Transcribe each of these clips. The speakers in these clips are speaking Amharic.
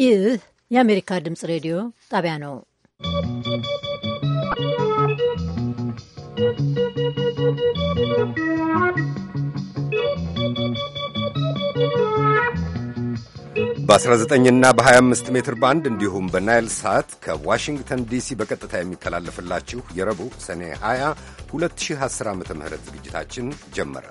ይህ የአሜሪካ ድምፅ ሬዲዮ ጣቢያ ነው። በ19 እና በ25 ሜትር ባንድ እንዲሁም በናይል ሳት ከዋሽንግተን ዲሲ በቀጥታ የሚተላለፍላችሁ የረቡዕ ሰኔ 20 2010 ዓ ም ዝግጅታችን ጀመረ።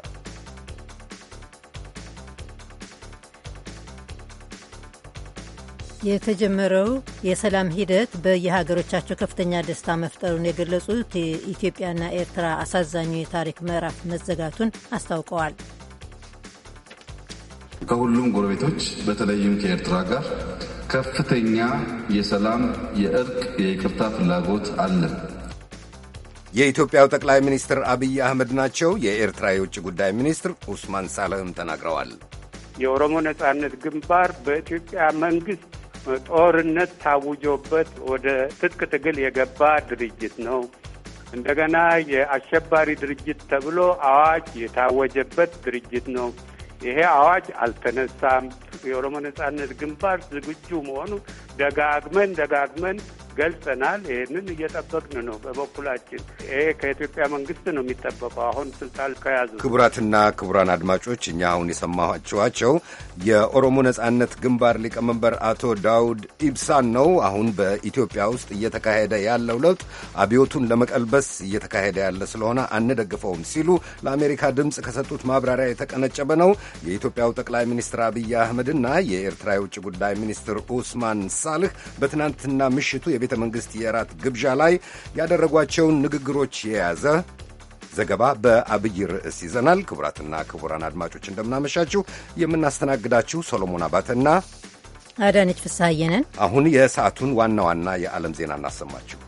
የተጀመረው የሰላም ሂደት በየሀገሮቻቸው ከፍተኛ ደስታ መፍጠሩን የገለጹት የኢትዮጵያና ኤርትራ አሳዛኙ የታሪክ ምዕራፍ መዘጋቱን አስታውቀዋል። ከሁሉም ጎረቤቶች በተለይም ከኤርትራ ጋር ከፍተኛ የሰላም፣ የእርቅ፣ የይቅርታ ፍላጎት አለን። የኢትዮጵያው ጠቅላይ ሚኒስትር አብይ አህመድ ናቸው። የኤርትራ የውጭ ጉዳይ ሚኒስትር ኡስማን ሳልህም ተናግረዋል። የኦሮሞ ነጻነት ግንባር በኢትዮጵያ መንግስት ጦርነት ታውጆበት ወደ ትጥቅ ትግል የገባ ድርጅት ነው። እንደገና የአሸባሪ ድርጅት ተብሎ አዋጅ የታወጀበት ድርጅት ነው። ይሄ አዋጅ አልተነሳም። የኦሮሞ ነጻነት ግንባር ዝግጁ መሆኑ ደጋግመን ደጋግመን ገልጸናል። ይህንን እየጠበቅን ነው። በበኩላችን ይሄ ከኢትዮጵያ መንግስት ነው የሚጠበቀው። አሁን ስልጣን ከያዙ ክቡራትና ክቡራን አድማጮች እኛ አሁን የሰማችኋቸው የኦሮሞ ነጻነት ግንባር ሊቀመንበር አቶ ዳውድ ኢብሳን ነው። አሁን በኢትዮጵያ ውስጥ እየተካሄደ ያለው ለውጥ አብዮቱን ለመቀልበስ እየተካሄደ ያለ ስለሆነ አንደግፈውም ሲሉ ለአሜሪካ ድምፅ ከሰጡት ማብራሪያ የተቀነጨበ ነው። የኢትዮጵያው ጠቅላይ ሚኒስትር አብይ አህመድና የኤርትራ የውጭ ጉዳይ ሚኒስትር ኡስማን ደሳለህ በትናንትና ምሽቱ የቤተ መንግሥት የራት ግብዣ ላይ ያደረጓቸውን ንግግሮች የያዘ ዘገባ በአብይ ርዕስ ይዘናል። ክቡራትና ክቡራን አድማጮች እንደምናመሻችሁ። የምናስተናግዳችሁ ሶሎሞን አባተና አዳነች ፍስሐዬ ነን። አሁን የሰዓቱን ዋና ዋና የዓለም ዜና እናሰማችሁ።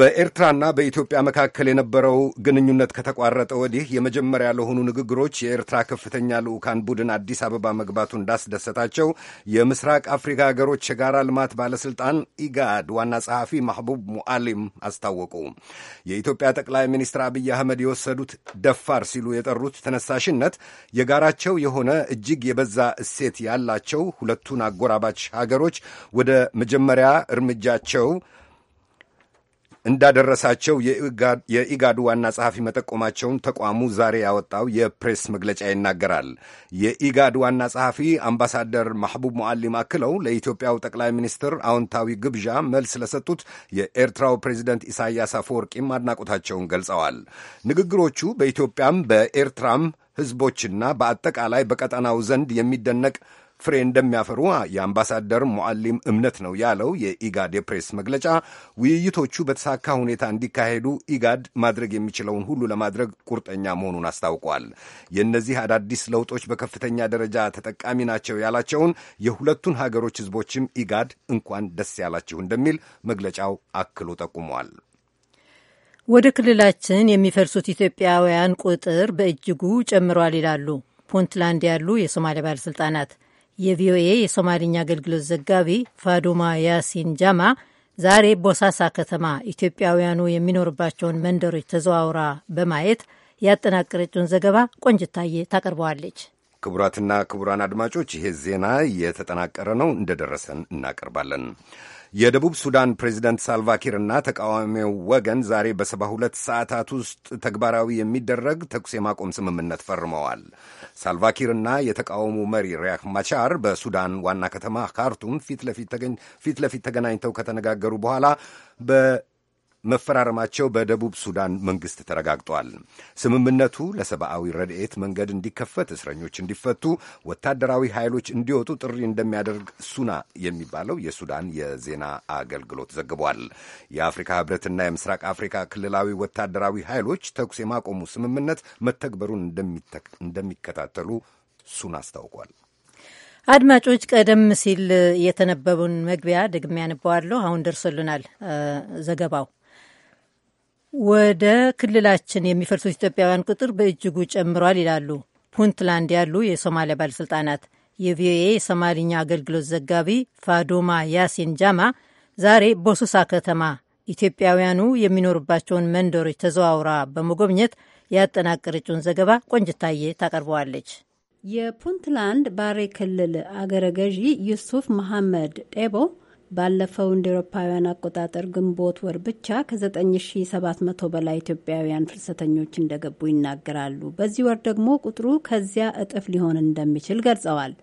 በኤርትራና በኢትዮጵያ መካከል የነበረው ግንኙነት ከተቋረጠ ወዲህ የመጀመሪያ ለሆኑ ንግግሮች የኤርትራ ከፍተኛ ልዑካን ቡድን አዲስ አበባ መግባቱ እንዳስደሰታቸው የምስራቅ አፍሪካ ሀገሮች የጋራ ልማት ባለስልጣን ኢጋድ ዋና ጸሐፊ ማህቡብ ሙአሊም አስታወቁ። የኢትዮጵያ ጠቅላይ ሚኒስትር አብይ አህመድ የወሰዱት ደፋር ሲሉ የጠሩት ተነሳሽነት የጋራቸው የሆነ እጅግ የበዛ እሴት ያላቸው ሁለቱን አጎራባች ሀገሮች ወደ መጀመሪያ እርምጃቸው እንዳደረሳቸው የኢጋዱ ዋና ጸሐፊ መጠቆማቸውን ተቋሙ ዛሬ ያወጣው የፕሬስ መግለጫ ይናገራል። የኢጋድ ዋና ጸሐፊ አምባሳደር ማሕቡብ ሙዓሊም አክለው ለኢትዮጵያው ጠቅላይ ሚኒስትር አዎንታዊ ግብዣ መልስ ለሰጡት የኤርትራው ፕሬዚደንት ኢሳያስ አፈወርቂም አድናቆታቸውን ገልጸዋል። ንግግሮቹ በኢትዮጵያም በኤርትራም ሕዝቦችና በአጠቃላይ በቀጠናው ዘንድ የሚደነቅ ፍሬ እንደሚያፈሩ የአምባሳደር ሞዓሊም እምነት ነው ያለው የኢጋድ የፕሬስ መግለጫ። ውይይቶቹ በተሳካ ሁኔታ እንዲካሄዱ ኢጋድ ማድረግ የሚችለውን ሁሉ ለማድረግ ቁርጠኛ መሆኑን አስታውቋል። የእነዚህ አዳዲስ ለውጦች በከፍተኛ ደረጃ ተጠቃሚ ናቸው ያላቸውን የሁለቱን ሀገሮች ህዝቦችም ኢጋድ እንኳን ደስ ያላችሁ እንደሚል መግለጫው አክሎ ጠቁሟል። ወደ ክልላችን የሚፈልሱት ኢትዮጵያውያን ቁጥር በእጅጉ ጨምሯል ይላሉ ፑንትላንድ ያሉ የሶማሊያ ባለሥልጣናት። የቪኦኤ የሶማልኛ አገልግሎት ዘጋቢ ፋዱማ ያሲን ጃማ ዛሬ ቦሳሳ ከተማ ኢትዮጵያውያኑ የሚኖርባቸውን መንደሮች ተዘዋውራ በማየት ያጠናቀረችውን ዘገባ ቆንጅታዬ ታቀርበዋለች። ክቡራትና ክቡራን አድማጮች ይሄ ዜና የተጠናቀረ ነው፣ እንደደረሰን እናቀርባለን። የደቡብ ሱዳን ፕሬዚደንት እና ተቃዋሚው ወገን ዛሬ በሰባ ሁለት ሰዓታት ውስጥ ተግባራዊ የሚደረግ ተኩስ የማቆም ስምምነት ፈርመዋል። ሳልቫኪርና የተቃውሞ መሪ ሪያክ ማቻር በሱዳን ዋና ከተማ ካርቱም ፊት ለፊት ተገናኝተው ከተነጋገሩ በኋላ መፈራረማቸው በደቡብ ሱዳን መንግሥት ተረጋግጧል። ስምምነቱ ለሰብአዊ ረድኤት መንገድ እንዲከፈት፣ እስረኞች እንዲፈቱ፣ ወታደራዊ ኃይሎች እንዲወጡ ጥሪ እንደሚያደርግ ሱና የሚባለው የሱዳን የዜና አገልግሎት ዘግቧል። የአፍሪካ ህብረትና የምስራቅ አፍሪካ ክልላዊ ወታደራዊ ኃይሎች ተኩስ የማቆሙ ስምምነት መተግበሩን እንደሚከታተሉ ሱና አስታውቋል። አድማጮች፣ ቀደም ሲል የተነበቡን መግቢያ ደግሜ ያንበዋለሁ። አሁን ደርሶልናል ዘገባው። ወደ ክልላችን የሚፈልሱት ኢትዮጵያውያን ቁጥር በእጅጉ ጨምሯል ይላሉ ፑንትላንድ ያሉ የሶማሊያ ባለሥልጣናት። የቪኦኤ የሶማሊኛ አገልግሎት ዘጋቢ ፋዶማ ያሲን ጃማ ዛሬ በሶሳ ከተማ ኢትዮጵያውያኑ የሚኖሩባቸውን መንደሮች ተዘዋውራ በመጎብኘት ያጠናቀረችውን ዘገባ ቆንጅታዬ ታቀርበዋለች። የፑንትላንድ ባሬ ክልል አገረ ገዢ ዩሱፍ መሐመድ ጤቦ ባለፈው እንደ ኤሮፓውያን አቆጣጠር ግንቦት ወር ብቻ ከ9700 በላይ ኢትዮጵያውያን ፍልሰተኞች እንደገቡ ይናገራሉ። በዚህ ወር ደግሞ ቁጥሩ ከዚያ እጥፍ ሊሆን እንደሚችል ገልጸዋል።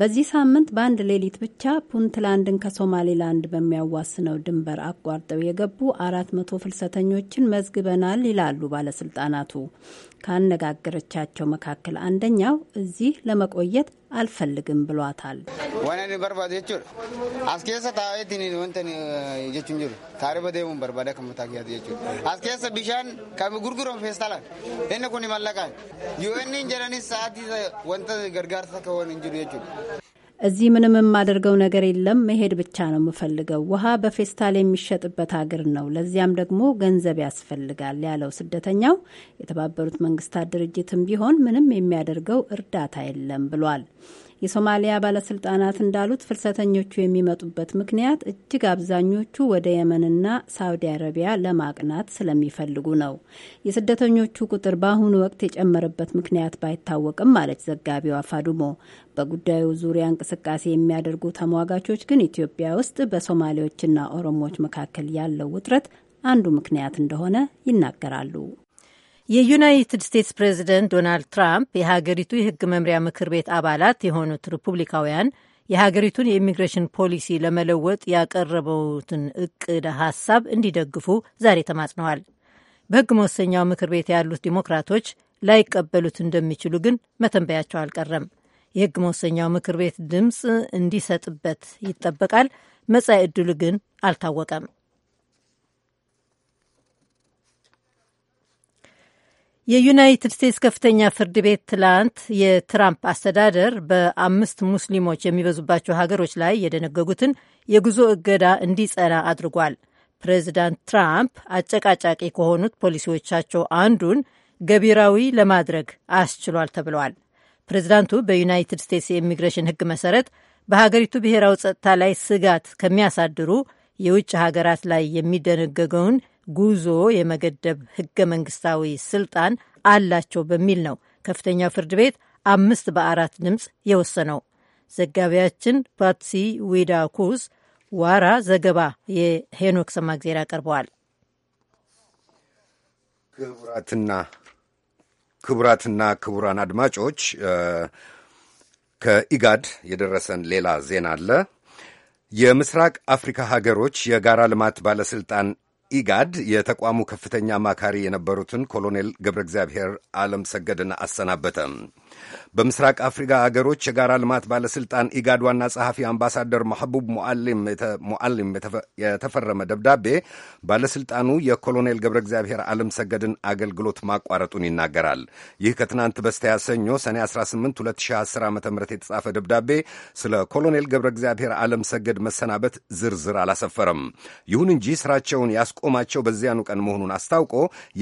በዚህ ሳምንት በአንድ ሌሊት ብቻ ፑንትላንድን ከሶማሌላንድ በሚያዋስነው ድንበር አቋርጠው የገቡ አራት መቶ ፍልሰተኞችን መዝግበናል ይላሉ ባለስልጣናቱ። Ka annagaaggarachaa makaaakkal addanyaawo izii la maqooyyee alfalligum bilwataa. Wanneerri barbaadu jechuun as keessa taa'ee jennaan wanta jechuun jiru taa'ee ba deemu barbaada kan murtaa'e jechuudha. As keessa bishaan kan gurguramu keessa laata inni kun imallaqaan unin inni saatii sa'aatii wanta gargaarsa ka'uun hin jiru jechuudha. እዚህ ምንም የማደርገው ነገር የለም፣ መሄድ ብቻ ነው የምፈልገው። ውሃ በፌስታል የሚሸጥበት ሀገር ነው፣ ለዚያም ደግሞ ገንዘብ ያስፈልጋል ያለው ስደተኛው የተባበሩት መንግስታት ድርጅትም ቢሆን ምንም የሚያደርገው እርዳታ የለም ብሏል። የሶማሊያ ባለስልጣናት እንዳሉት ፍልሰተኞቹ የሚመጡበት ምክንያት እጅግ አብዛኞቹ ወደ የመንና ሳውዲ አረቢያ ለማቅናት ስለሚፈልጉ ነው። የስደተኞቹ ቁጥር በአሁኑ ወቅት የጨመረበት ምክንያት ባይታወቅም አለች ዘጋቢው አፋዱሞ። በጉዳዩ ዙሪያ እንቅስቃሴ የሚያደርጉ ተሟጋቾች ግን ኢትዮጵያ ውስጥ በሶማሌዎችና ኦሮሞዎች መካከል ያለው ውጥረት አንዱ ምክንያት እንደሆነ ይናገራሉ። የዩናይትድ ስቴትስ ፕሬዚደንት ዶናልድ ትራምፕ የሀገሪቱ የህግ መምሪያ ምክር ቤት አባላት የሆኑት ሪፑብሊካውያን የሀገሪቱን የኢሚግሬሽን ፖሊሲ ለመለወጥ ያቀረበውትን እቅድ ሀሳብ እንዲደግፉ ዛሬ ተማጽነዋል። በህግ መወሰኛው ምክር ቤት ያሉት ዲሞክራቶች ላይቀበሉት እንደሚችሉ ግን መተንበያቸው አልቀረም። የህግ መወሰኛው ምክር ቤት ድምፅ እንዲሰጥበት ይጠበቃል። መጻኢ ዕድሉ ግን አልታወቀም። የዩናይትድ ስቴትስ ከፍተኛ ፍርድ ቤት ትላንት የትራምፕ አስተዳደር በአምስት ሙስሊሞች የሚበዙባቸው ሀገሮች ላይ የደነገጉትን የጉዞ እገዳ እንዲጸና አድርጓል። ፕሬዚዳንት ትራምፕ አጨቃጫቂ ከሆኑት ፖሊሲዎቻቸው አንዱን ገቢራዊ ለማድረግ አስችሏል ተብለዋል። ፕሬዚዳንቱ በዩናይትድ ስቴትስ የኢሚግሬሽን ሕግ መሰረት በሀገሪቱ ብሔራዊ ጸጥታ ላይ ስጋት ከሚያሳድሩ የውጭ ሀገራት ላይ የሚደነገገውን ጉዞ የመገደብ ህገ መንግስታዊ ስልጣን አላቸው በሚል ነው ከፍተኛው ፍርድ ቤት አምስት በአራት ድምፅ የወሰነው። ዘጋቢያችን ፓትሲ ዊዳ ኩስ ዋራ ዘገባ የሄኖክ ሰማግዜር ያቀርበዋል። ክቡራትና ክቡራትና ክቡራን አድማጮች ከኢጋድ የደረሰን ሌላ ዜና አለ። የምስራቅ አፍሪካ ሀገሮች የጋራ ልማት ባለስልጣን .። ኢጋድ የተቋሙ ከፍተኛ አማካሪ የነበሩትን ኮሎኔል ገብረ እግዚአብሔር አለም ሰገድን አሰናበተ። በምስራቅ አፍሪካ አገሮች የጋራ ልማት ባለሥልጣን ኢጋድ ዋና ጸሐፊ አምባሳደር ማሕቡብ ሙዓሊም የተፈረመ ደብዳቤ ባለሥልጣኑ የኮሎኔል ገብረ እግዚአብሔር ዓለም ሰገድን አገልግሎት ማቋረጡን ይናገራል። ይህ ከትናንት በስቲያ ሰኞ ሰኔ 18 2010 ዓ ም የተጻፈ ደብዳቤ ስለ ኮሎኔል ገብረ እግዚአብሔር ዓለም ሰገድ መሰናበት ዝርዝር አላሰፈረም። ይሁን እንጂ ሥራቸውን ያስቆማቸው በዚያኑ ቀን መሆኑን አስታውቆ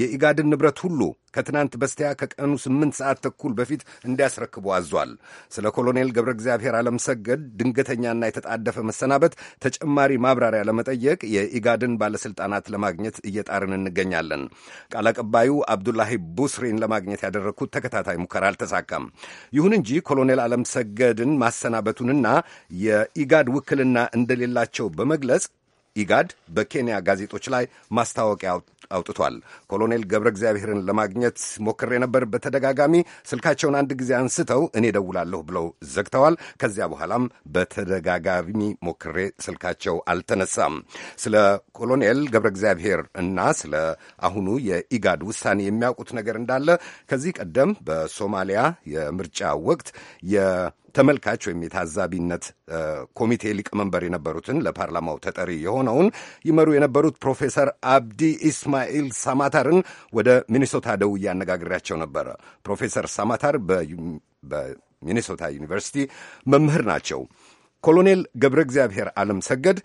የኢጋድን ንብረት ሁሉ ከትናንት በስቲያ ከቀኑ ስምንት ሰዓት ተኩል በፊት እንዲያስረክቡ አዟል። ስለ ኮሎኔል ገብረ እግዚአብሔር አለምሰገድ ድንገተኛና የተጣደፈ መሰናበት ተጨማሪ ማብራሪያ ለመጠየቅ የኢጋድን ባለስልጣናት ለማግኘት እየጣርን እንገኛለን። ቃል አቀባዩ አብዱላሂ ቡስሪን ለማግኘት ያደረግኩት ተከታታይ ሙከራ አልተሳካም። ይሁን እንጂ ኮሎኔል አለምሰገድን ማሰናበቱንና የኢጋድ ውክልና እንደሌላቸው በመግለጽ ኢጋድ በኬንያ ጋዜጦች ላይ ማስታወቂያ አውጥቷል። ኮሎኔል ገብረ እግዚአብሔርን ለማግኘት ሞክሬ ነበር በተደጋጋሚ ስልካቸውን አንድ ጊዜ አንስተው እኔ ደውላለሁ ብለው ዘግተዋል። ከዚያ በኋላም በተደጋጋሚ ሞክሬ ስልካቸው አልተነሳም። ስለ ኮሎኔል ገብረ እግዚአብሔር እና ስለ አሁኑ የኢጋድ ውሳኔ የሚያውቁት ነገር እንዳለ ከዚህ ቀደም በሶማሊያ የምርጫ ወቅት ተመልካች ወይም የታዛቢነት ኮሚቴ ሊቀመንበር የነበሩትን ለፓርላማው ተጠሪ የሆነውን ይመሩ የነበሩት ፕሮፌሰር አብዲ ኢስማኤል ሳማታርን ወደ ሚኒሶታ ደውዬ አነጋግሬያቸው ነበረ። ፕሮፌሰር ሳማታር በሚኒሶታ ዩኒቨርሲቲ መምህር ናቸው። ኮሎኔል ገብረ እግዚአብሔር አለም ሰገድ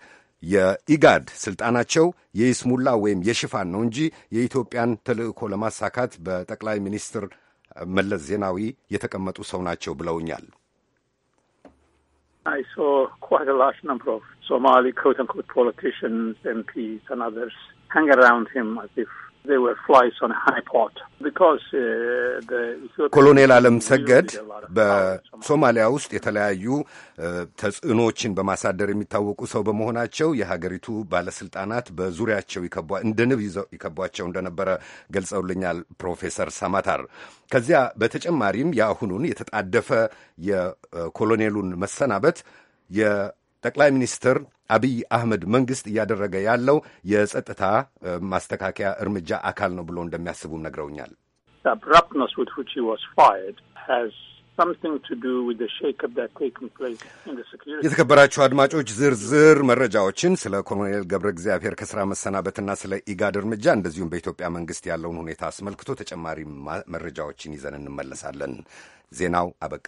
የኢጋድ ስልጣናቸው የይስሙላ ወይም የሽፋን ነው እንጂ የኢትዮጵያን ተልእኮ ለማሳካት በጠቅላይ ሚኒስትር መለስ ዜናዊ የተቀመጡ ሰው ናቸው ብለውኛል። I saw quite a large number of Somali quote unquote politicians, MPs, and others hang around him as if Uh, ኮሎኔል አለም ሰገድ በሶማሊያ ውስጥ የተለያዩ uh, ተጽዕኖዎችን በማሳደር የሚታወቁ ሰው በመሆናቸው የሀገሪቱ ባለስልጣናት በዙሪያቸው እንደ ንብ ይዘው ይከቧቸው እንደነበረ ገልጸውልኛል ፕሮፌሰር ሳማታር ከዚያ በተጨማሪም የአሁኑን የተጣደፈ የኮሎኔሉን መሰናበት ጠቅላይ ሚኒስትር አብይ አህመድ መንግስት እያደረገ ያለው የጸጥታ ማስተካከያ እርምጃ አካል ነው ብሎ እንደሚያስቡም ነግረውኛል። የተከበራችሁ አድማጮች ዝርዝር መረጃዎችን ስለ ኮሎኔል ገብረ እግዚአብሔር ከስራ መሰናበትና ስለ ኢጋድ እርምጃ እንደዚሁም በኢትዮጵያ መንግስት ያለውን ሁኔታ አስመልክቶ ተጨማሪ መረጃዎችን ይዘን እንመለሳለን። ዜናው አበቃ።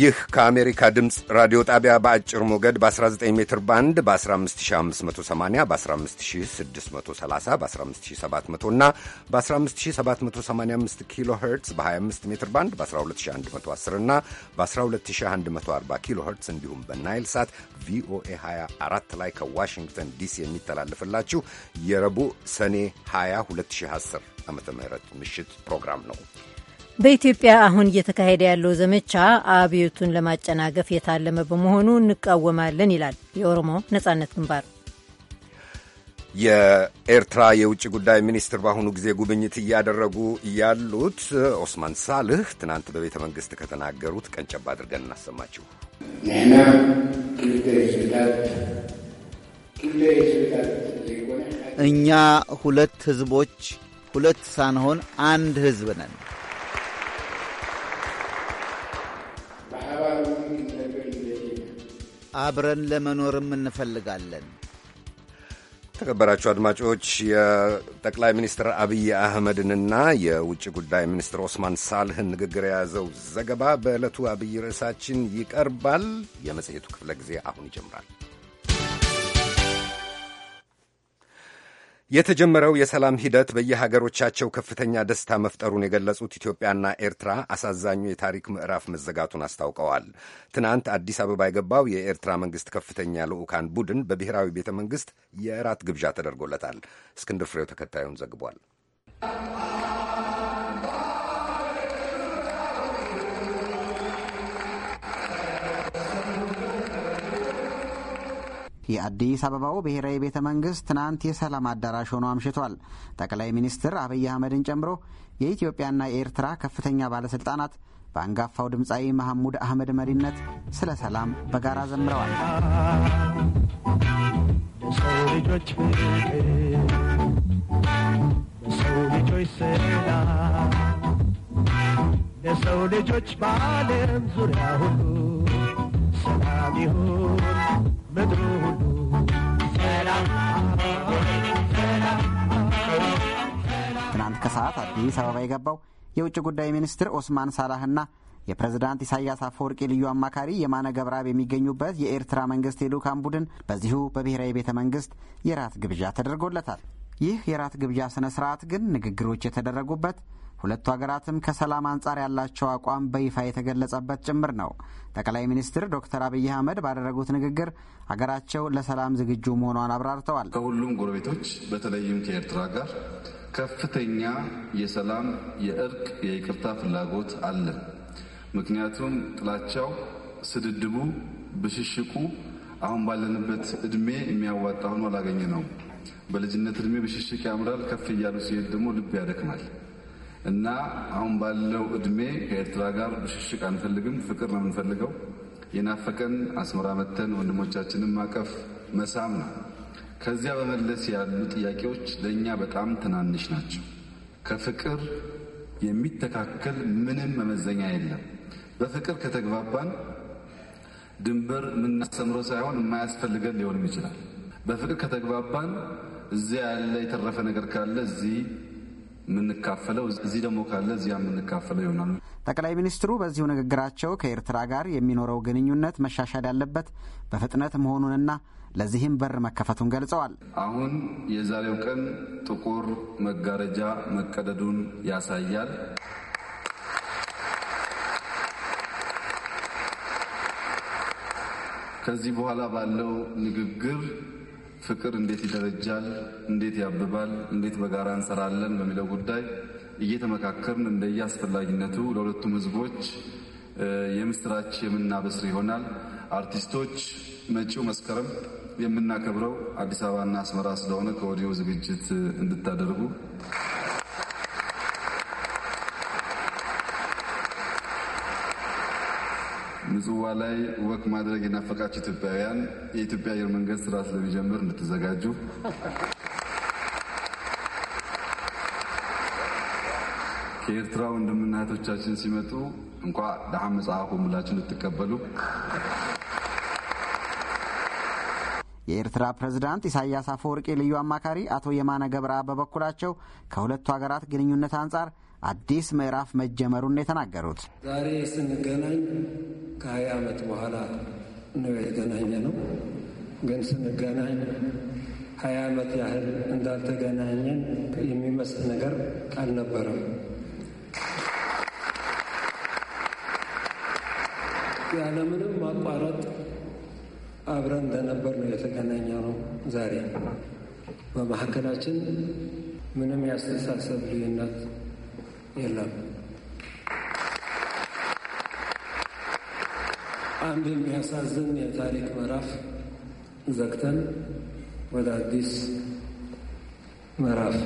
ይህ ከአሜሪካ ድምፅ ራዲዮ ጣቢያ በአጭር ሞገድ በ19 ሜትር ባንድ በ15580 በ15630 በ15700 እና በ15785 ኪሎ ሄርትስ በ25 ሜትር ባንድ በ12110 እና በ12140 ኪሎ ሄርትስ እንዲሁም በናይል ሳት ቪኦኤ 24 ላይ ከዋሽንግተን ዲሲ የሚተላለፍላችሁ የረቡዕ ሰኔ 20 2010 ዓ ም ምሽት ፕሮግራም ነው። በኢትዮጵያ አሁን እየተካሄደ ያለው ዘመቻ አብዮቱን ለማጨናገፍ የታለመ በመሆኑ እንቃወማለን ይላል የኦሮሞ ነጻነት ግንባር። የኤርትራ የውጭ ጉዳይ ሚኒስትር በአሁኑ ጊዜ ጉብኝት እያደረጉ ያሉት ኦስማን ሳልህ ትናንት በቤተ መንግሥት ከተናገሩት ቀንጨብ አድርገን እናሰማችሁ። እኛ ሁለት ህዝቦች ሁለት ሳንሆን አንድ ህዝብ ነን። አብረን ለመኖርም እንፈልጋለን። የተከበራችሁ አድማጮች የጠቅላይ ሚኒስትር አብይ አህመድንና የውጭ ጉዳይ ሚኒስትር ኦስማን ሳልህን ንግግር የያዘው ዘገባ በዕለቱ አብይ ርዕሳችን ይቀርባል። የመጽሔቱ ክፍለ ጊዜ አሁን ይጀምራል። የተጀመረው የሰላም ሂደት በየሀገሮቻቸው ከፍተኛ ደስታ መፍጠሩን የገለጹት ኢትዮጵያና ኤርትራ አሳዛኙ የታሪክ ምዕራፍ መዘጋቱን አስታውቀዋል። ትናንት አዲስ አበባ የገባው የኤርትራ መንግስት ከፍተኛ ልዑካን ቡድን በብሔራዊ ቤተ መንግስት የእራት ግብዣ ተደርጎለታል። እስክንድር ፍሬው ተከታዩን ዘግቧል። የአዲስ አበባው ብሔራዊ ቤተ መንግስት ትናንት የሰላም አዳራሽ ሆኖ አምሽቷል። ጠቅላይ ሚኒስትር አብይ አህመድን ጨምሮ የኢትዮጵያና የኤርትራ ከፍተኛ ባለስልጣናት በአንጋፋው ድምፃዊ መሐሙድ አህመድ መሪነት ስለ ሰላም በጋራ ዘምረዋል። ሰው ልጆች ፍቅር፣ ልጆች ሰላም፣ ልጆች በዓለም ዙሪያ ሁሉ ሰላም ይሁን። ምድሩ ሁሉ ትናንት ከሰዓት አዲስ አበባ የገባው የውጭ ጉዳይ ሚኒስትር ኦስማን ሳላህና የፕሬዝዳንት ኢሳያስ አፈወርቂ ልዩ አማካሪ የማነ ገብረአብ የሚገኙበት የኤርትራ መንግስት የልዑካን ቡድን በዚሁ በብሔራዊ ቤተ መንግስት የራት ግብዣ ተደርጎለታል። ይህ የራት ግብዣ ስነ ስርዓት ግን ንግግሮች የተደረጉበት ሁለቱ ሀገራትም ከሰላም አንጻር ያላቸው አቋም በይፋ የተገለጸበት ጭምር ነው። ጠቅላይ ሚኒስትር ዶክተር አብይ አህመድ ባደረጉት ንግግር ሀገራቸው ለሰላም ዝግጁ መሆኗን አብራርተዋል። ከሁሉም ጎረቤቶች በተለይም ከኤርትራ ጋር ከፍተኛ የሰላም የእርቅ፣ የይቅርታ ፍላጎት አለ። ምክንያቱም ጥላቻው፣ ስድድቡ፣ ብሽሽቁ አሁን ባለንበት እድሜ የሚያዋጣ ሆኖ አላገኘ ነው። በልጅነት እድሜ ብሽሽቅ ያምራል። ከፍ እያሉ ሲሄድ ደግሞ ልብ ያደክማል። እና አሁን ባለው እድሜ ከኤርትራ ጋር ብሽሽቅ አንፈልግም፣ ፍቅር ነው የምንፈልገው። የናፈቀን አስመራ መተን ወንድሞቻችንን ማቀፍ መሳም ነው። ከዚያ በመለስ ያሉ ጥያቄዎች ለእኛ በጣም ትናንሽ ናቸው። ከፍቅር የሚተካከል ምንም መመዘኛ የለም። በፍቅር ከተግባባን ድንበር የምናስተምረው ሳይሆን የማያስፈልገን ሊሆንም ይችላል። በፍቅር ከተግባባን እዚያ ያለ የተረፈ ነገር ካለ እዚህ የምንካፈለው እዚህ ደግሞ ካለ እዚያ የምንካፈለው ይሆናል። ጠቅላይ ሚኒስትሩ በዚሁ ንግግራቸው ከኤርትራ ጋር የሚኖረው ግንኙነት መሻሻል ያለበት በፍጥነት መሆኑንና ለዚህም በር መከፈቱን ገልጸዋል። አሁን የዛሬው ቀን ጥቁር መጋረጃ መቀደዱን ያሳያል። ከዚህ በኋላ ባለው ንግግር ፍቅር እንዴት ይደረጃል፣ እንዴት ያብባል፣ እንዴት በጋራ እንሰራለን በሚለው ጉዳይ እየተመካከርን እንደየ አስፈላጊነቱ ለሁለቱም ህዝቦች የምስራች የምናበስር ይሆናል። አርቲስቶች መጪው መስከረም የምናከብረው አዲስ አበባና አስመራ ስለሆነ ከወዲሁ ዝግጅት እንድታደርጉ ምጽዋ ላይ ወቅ ማድረግ የናፈቃችሁ ኢትዮጵያውያን የኢትዮጵያ አየር መንገድ ስራ ስለሚጀምር እንድትዘጋጁ፣ ከኤርትራ ወንድምና እህቶቻችን ሲመጡ እንኳ ደሓ መጽሐፎም ብላችሁ እንድትቀበሉ። የኤርትራ ፕሬዝዳንት ኢሳያስ አፈወርቂ ልዩ አማካሪ አቶ የማነ ገብረአብ በበኩላቸው ከሁለቱ ሀገራት ግንኙነት አንጻር አዲስ ምዕራፍ መጀመሩን የተናገሩት ዛሬ ስንገናኝ ከሀያ ዓመት በኋላ ነው የተገናኘ ነው። ግን ስንገናኝ ሀያ ዓመት ያህል እንዳልተገናኘን የሚመስል ነገር አልነበረም። ያለምንም ማቋረጥ አብረን እንደነበር ነው የተገናኘ ነው። ዛሬ በመካከላችን ምንም ያስተሳሰብ ልዩነት የለም። አንድ የሚያሳዝን የታሪክ ምዕራፍ ዘግተን ወደ አዲስ ምዕራፍ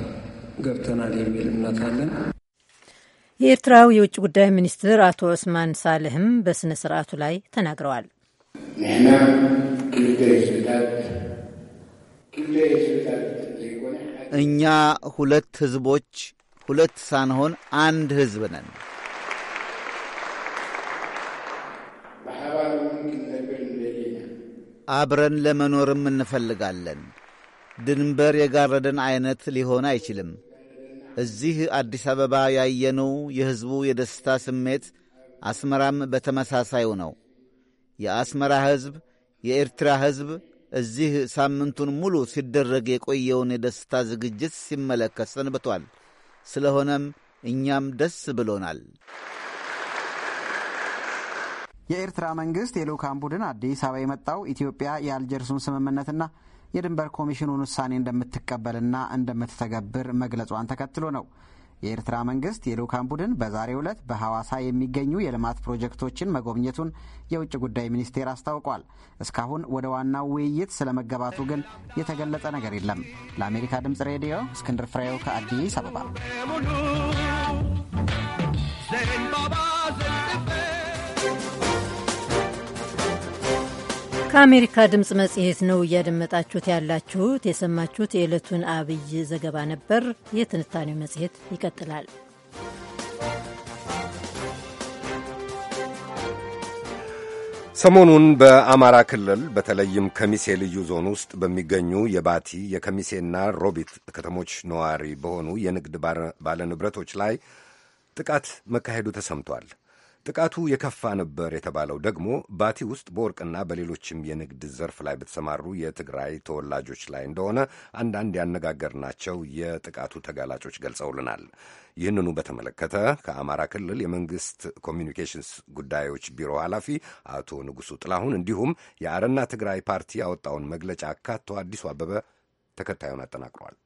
ገብተናል የሚል እምነት አለን። የኤርትራው የውጭ ጉዳይ ሚኒስትር አቶ ዑስማን ሳልህም በሥነ ሥርዓቱ ላይ ተናግረዋል። ንሕና ክልተ ህዝብታት ክልተ ህዝብታት እኛ ሁለት ህዝቦች ሁለት ሳንሆን አንድ ህዝብ ነን። አብረን ለመኖርም እንፈልጋለን። ድንበር የጋረደን ዐይነት ሊሆን አይችልም። እዚህ አዲስ አበባ ያየነው የሕዝቡ የደስታ ስሜት አስመራም በተመሳሳዩ ነው። የአስመራ ሕዝብ፣ የኤርትራ ሕዝብ እዚህ ሳምንቱን ሙሉ ሲደረግ የቆየውን የደስታ ዝግጅት ሲመለከት ሰንብቷል። ስለሆነም እኛም ደስ ብሎናል። የኤርትራ መንግስት የልዑካን ቡድን አዲስ አበባ የመጣው ኢትዮጵያ የአልጀርሱን ስምምነትና የድንበር ኮሚሽኑን ውሳኔ እንደምትቀበልና እንደምትተገብር መግለጿን ተከትሎ ነው። የኤርትራ መንግስት የልኡካን ቡድን በዛሬው ዕለት በሐዋሳ የሚገኙ የልማት ፕሮጀክቶችን መጎብኘቱን የውጭ ጉዳይ ሚኒስቴር አስታውቋል። እስካሁን ወደ ዋናው ውይይት ስለ መገባቱ ግን የተገለጸ ነገር የለም። ለአሜሪካ ድምፅ ሬዲዮ እስክንድር ፍሬው ከአዲስ አበባ ከአሜሪካ ድምፅ መጽሔት ነው እያደመጣችሁት ያላችሁት። የሰማችሁት የዕለቱን አብይ ዘገባ ነበር። የትንታኔው መጽሔት ይቀጥላል። ሰሞኑን በአማራ ክልል በተለይም ከሚሴ ልዩ ዞን ውስጥ በሚገኙ የባቲ የከሚሴና ሮቢት ከተሞች ነዋሪ በሆኑ የንግድ ባለንብረቶች ላይ ጥቃት መካሄዱ ተሰምቷል። ጥቃቱ የከፋ ነበር የተባለው ደግሞ ባቲ ውስጥ በወርቅና በሌሎችም የንግድ ዘርፍ ላይ በተሰማሩ የትግራይ ተወላጆች ላይ እንደሆነ አንዳንድ ያነጋገርናቸው የጥቃቱ ተጋላጮች ገልጸውልናል። ይህንኑ በተመለከተ ከአማራ ክልል የመንግስት ኮሚኒኬሽንስ ጉዳዮች ቢሮ ኃላፊ አቶ ንጉሱ ጥላሁን እንዲሁም የአረና ትግራይ ፓርቲ ያወጣውን መግለጫ አካቶ አዲሱ አበበ ተከታዩን አጠናቅሯል።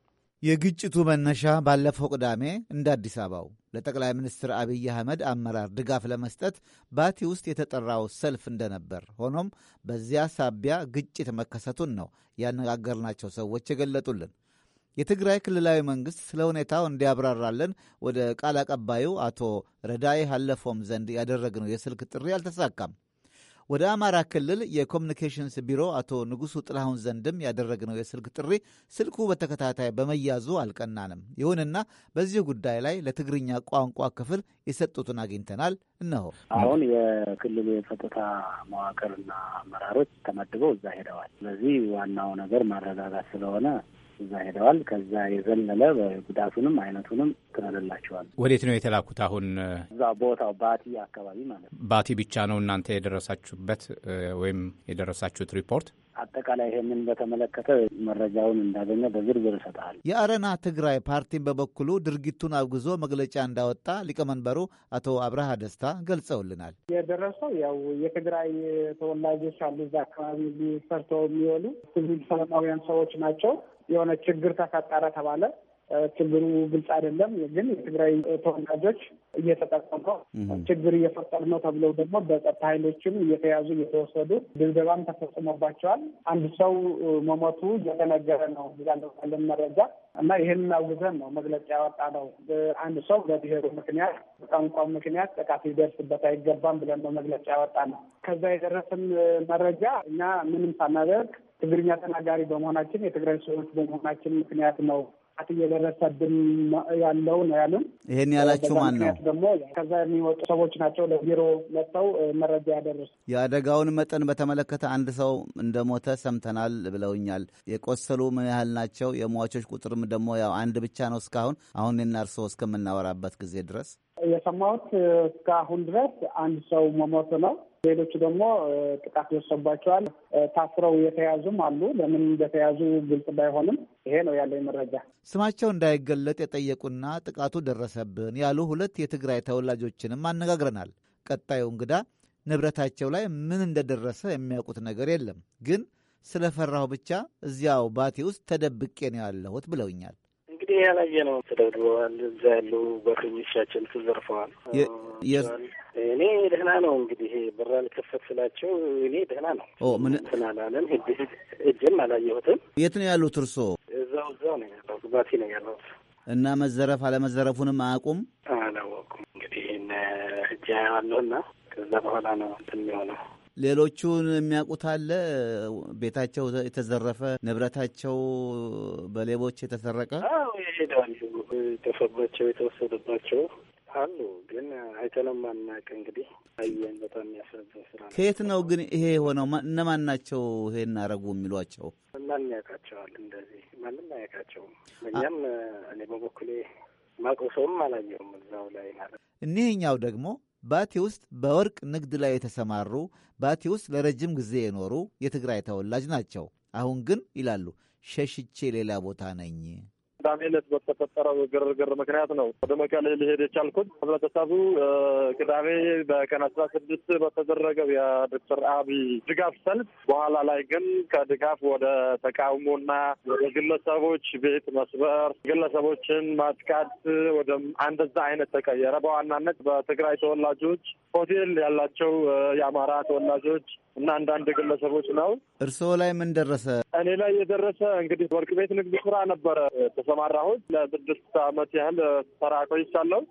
የግጭቱ መነሻ ባለፈው ቅዳሜ እንደ አዲስ አበባው ለጠቅላይ ሚኒስትር አብይ አህመድ አመራር ድጋፍ ለመስጠት ባቲ ውስጥ የተጠራው ሰልፍ እንደነበር፣ ሆኖም በዚያ ሳቢያ ግጭት መከሰቱን ነው ያነጋገርናቸው ሰዎች የገለጡልን። የትግራይ ክልላዊ መንግስት ስለ ሁኔታው እንዲያብራራልን ወደ ቃል አቀባዩ አቶ ረዳይ ሀለፎም ዘንድ ያደረግነው የስልክ ጥሪ አልተሳካም። ወደ አማራ ክልል የኮሚኒኬሽንስ ቢሮ አቶ ንጉሱ ጥላሁን ዘንድም ያደረግነው የስልክ ጥሪ ስልኩ በተከታታይ በመያዙ አልቀናንም። ይሁንና በዚህ ጉዳይ ላይ ለትግርኛ ቋንቋ ክፍል የሰጡትን አግኝተናል። እነሆ አሁን የክልሉ የጸጥታ መዋቅርና አመራሮች ተመድበው እዛ ሄደዋል። ስለዚህ ዋናው ነገር ማረጋጋት ስለሆነ እዛ ሄደዋል። ከዛ የዘለለ ጉዳቱንም አይነቱንም ትረልላቸዋል። ወዴት ነው የተላኩት? አሁን እዛ ቦታው ባቲ አካባቢ ማለት ነው። ባቲ ብቻ ነው እናንተ የደረሳችሁበት ወይም የደረሳችሁት ሪፖርት? አጠቃላይ ይህንን በተመለከተ መረጃውን እንዳገኘ በዝርዝር ይሰጣል። የአረና ትግራይ ፓርቲን በበኩሉ ድርጊቱን አውግዞ መግለጫ እንዳወጣ ሊቀመንበሩ አቶ አብርሃ ደስታ ገልጸውልናል። የደረሰው ያው የትግራይ ተወላጆች አሉ እዛ አካባቢ ሰርተው የሚወሉ ሲቪል ሰላማውያን ሰዎች ናቸው። የሆነ ችግር ተፈጠረ ተባለ። ችግሩ ግልጽ አይደለም፣ ግን የትግራይ ተወላጆች እየተጠቀ ነው ችግር እየፈጠሩ ነው ተብለው ደግሞ በጸጥታ ኃይሎችም እየተያዙ እየተወሰዱ ድብደባም ተፈጽሞባቸዋል። አንድ ሰው መሞቱ እየተነገረ ነው ያለን መረጃ እና ይህን አውግዘን ነው መግለጫ ያወጣ ነው። አንድ ሰው በብሔሩ ምክንያት፣ በቋንቋው ምክንያት ጥቃት ሊደርስበት አይገባም ብለን ነው መግለጫ ያወጣ ነው። ከዛ የደረስን መረጃ እኛ ምንም ሳናደርግ ትግርኛ ተናጋሪ በመሆናችን የትግራይ ሰዎች በመሆናችን ምክንያት ነው እየደረሰብን ያለው ነው ያሉን። ይህን ያላችሁ ማን ነው? ደግሞ ከዛ የሚወጡ ሰዎች ናቸው ለቢሮ መጥተው መረጃ ያደረሱ። የአደጋውን መጠን በተመለከተ አንድ ሰው እንደሞተ ሰምተናል ብለውኛል። የቆሰሉ ምን ያህል ናቸው? የሟቾች ቁጥርም ደግሞ ያው አንድ ብቻ ነው እስካሁን አሁን እናርሶ እስከምናወራበት ጊዜ ድረስ የሰማሁት እስካሁን ድረስ አንድ ሰው መሞቱ ነው። ሌሎቹ ደግሞ ጥቃት ደርሶባቸዋል። ታስረው የተያዙም አሉ። ለምን እንደተያዙ ግልጽ ባይሆንም ይሄ ነው ያለኝ መረጃ። ስማቸው እንዳይገለጥ የጠየቁና ጥቃቱ ደረሰብን ያሉ ሁለት የትግራይ ተወላጆችንም አነጋግረናል። ቀጣዩ እንግዳ ንብረታቸው ላይ ምን እንደደረሰ የሚያውቁት ነገር የለም፣ ግን ስለፈራሁ ብቻ እዚያው ባቴ ውስጥ ተደብቄ ነው ያለሁት ብለውኛል። እንግዲህ ያላየ ነው። ተደብድበዋል። እዛ ያሉ ጓደኞቻችን ተዘርፈዋል። እኔ ደህና ነው እንግዲህ በራ ልከፈት ስላቸው እኔ ደህና ነው። ምን ትናላለን እጅም አላየሁትም። የት ነው ያሉት እርስዎ? እዛው እዛው ነው ያለሁት። ባቲ ነው ያለሁት እና መዘረፍ አለመዘረፉንም አያውቁም? አላወቁም። እንግዲህ ህጃ ያለሁና ከዛ በኋላ ነው እንትን የሚሆነው ሌሎቹን የሚያውቁት አለ። ቤታቸው የተዘረፈ ንብረታቸው በሌቦች የተሰረቀ ይሄዳሉ። ተፈባቸው የተወሰደባቸው አሉ። ግን አይተነው ማናቅ እንግዲህ አየን። በጣም የሚያሳዝን ስራ። ከየት ነው ግን ይሄ የሆነው? እነማን ናቸው ይሄ እናረጉ የሚሏቸው? ማን ያውቃቸዋል? እንደዚህ ማንም አያውቃቸውም። እኛም እኔ በበኩሌ ማቆሰውም አላየሁም እዛው ላይ ማለት እኒህኛው ደግሞ ባቲ ውስጥ በወርቅ ንግድ ላይ የተሰማሩ፣ ባቲ ውስጥ ለረጅም ጊዜ የኖሩ የትግራይ ተወላጅ ናቸው። አሁን ግን ይላሉ ሸሽቼ ሌላ ቦታ ነኝ። ቅዳሜ ዕለት በተፈጠረው ግርግር ምክንያት ነው ወደ መቀሌ ሊሄድ የቻልኩት። ህብረተሰቡ ቅዳሜ በቀን አስራ ስድስት በተደረገው የዶክተር አብይ ድጋፍ ሰልፍ በኋላ ላይ ግን ከድጋፍ ወደ ተቃውሞና ወደ ግለሰቦች ቤት መስበር፣ ግለሰቦችን ማጥቃት ወደ አንደዛ አይነት ተቀየረ። በዋናነት በትግራይ ተወላጆች ሆቴል ያላቸው የአማራ ተወላጆች እና አንዳንድ ግለሰቦች ነው። እርስዎ ላይ ምን ደረሰ? እኔ ላይ የደረሰ እንግዲህ ወርቅ ቤት ንግድ ስራ ነበረ የተሰማራሁት ለስድስት አመት ያህል ሰራ ቆይቻለሁ።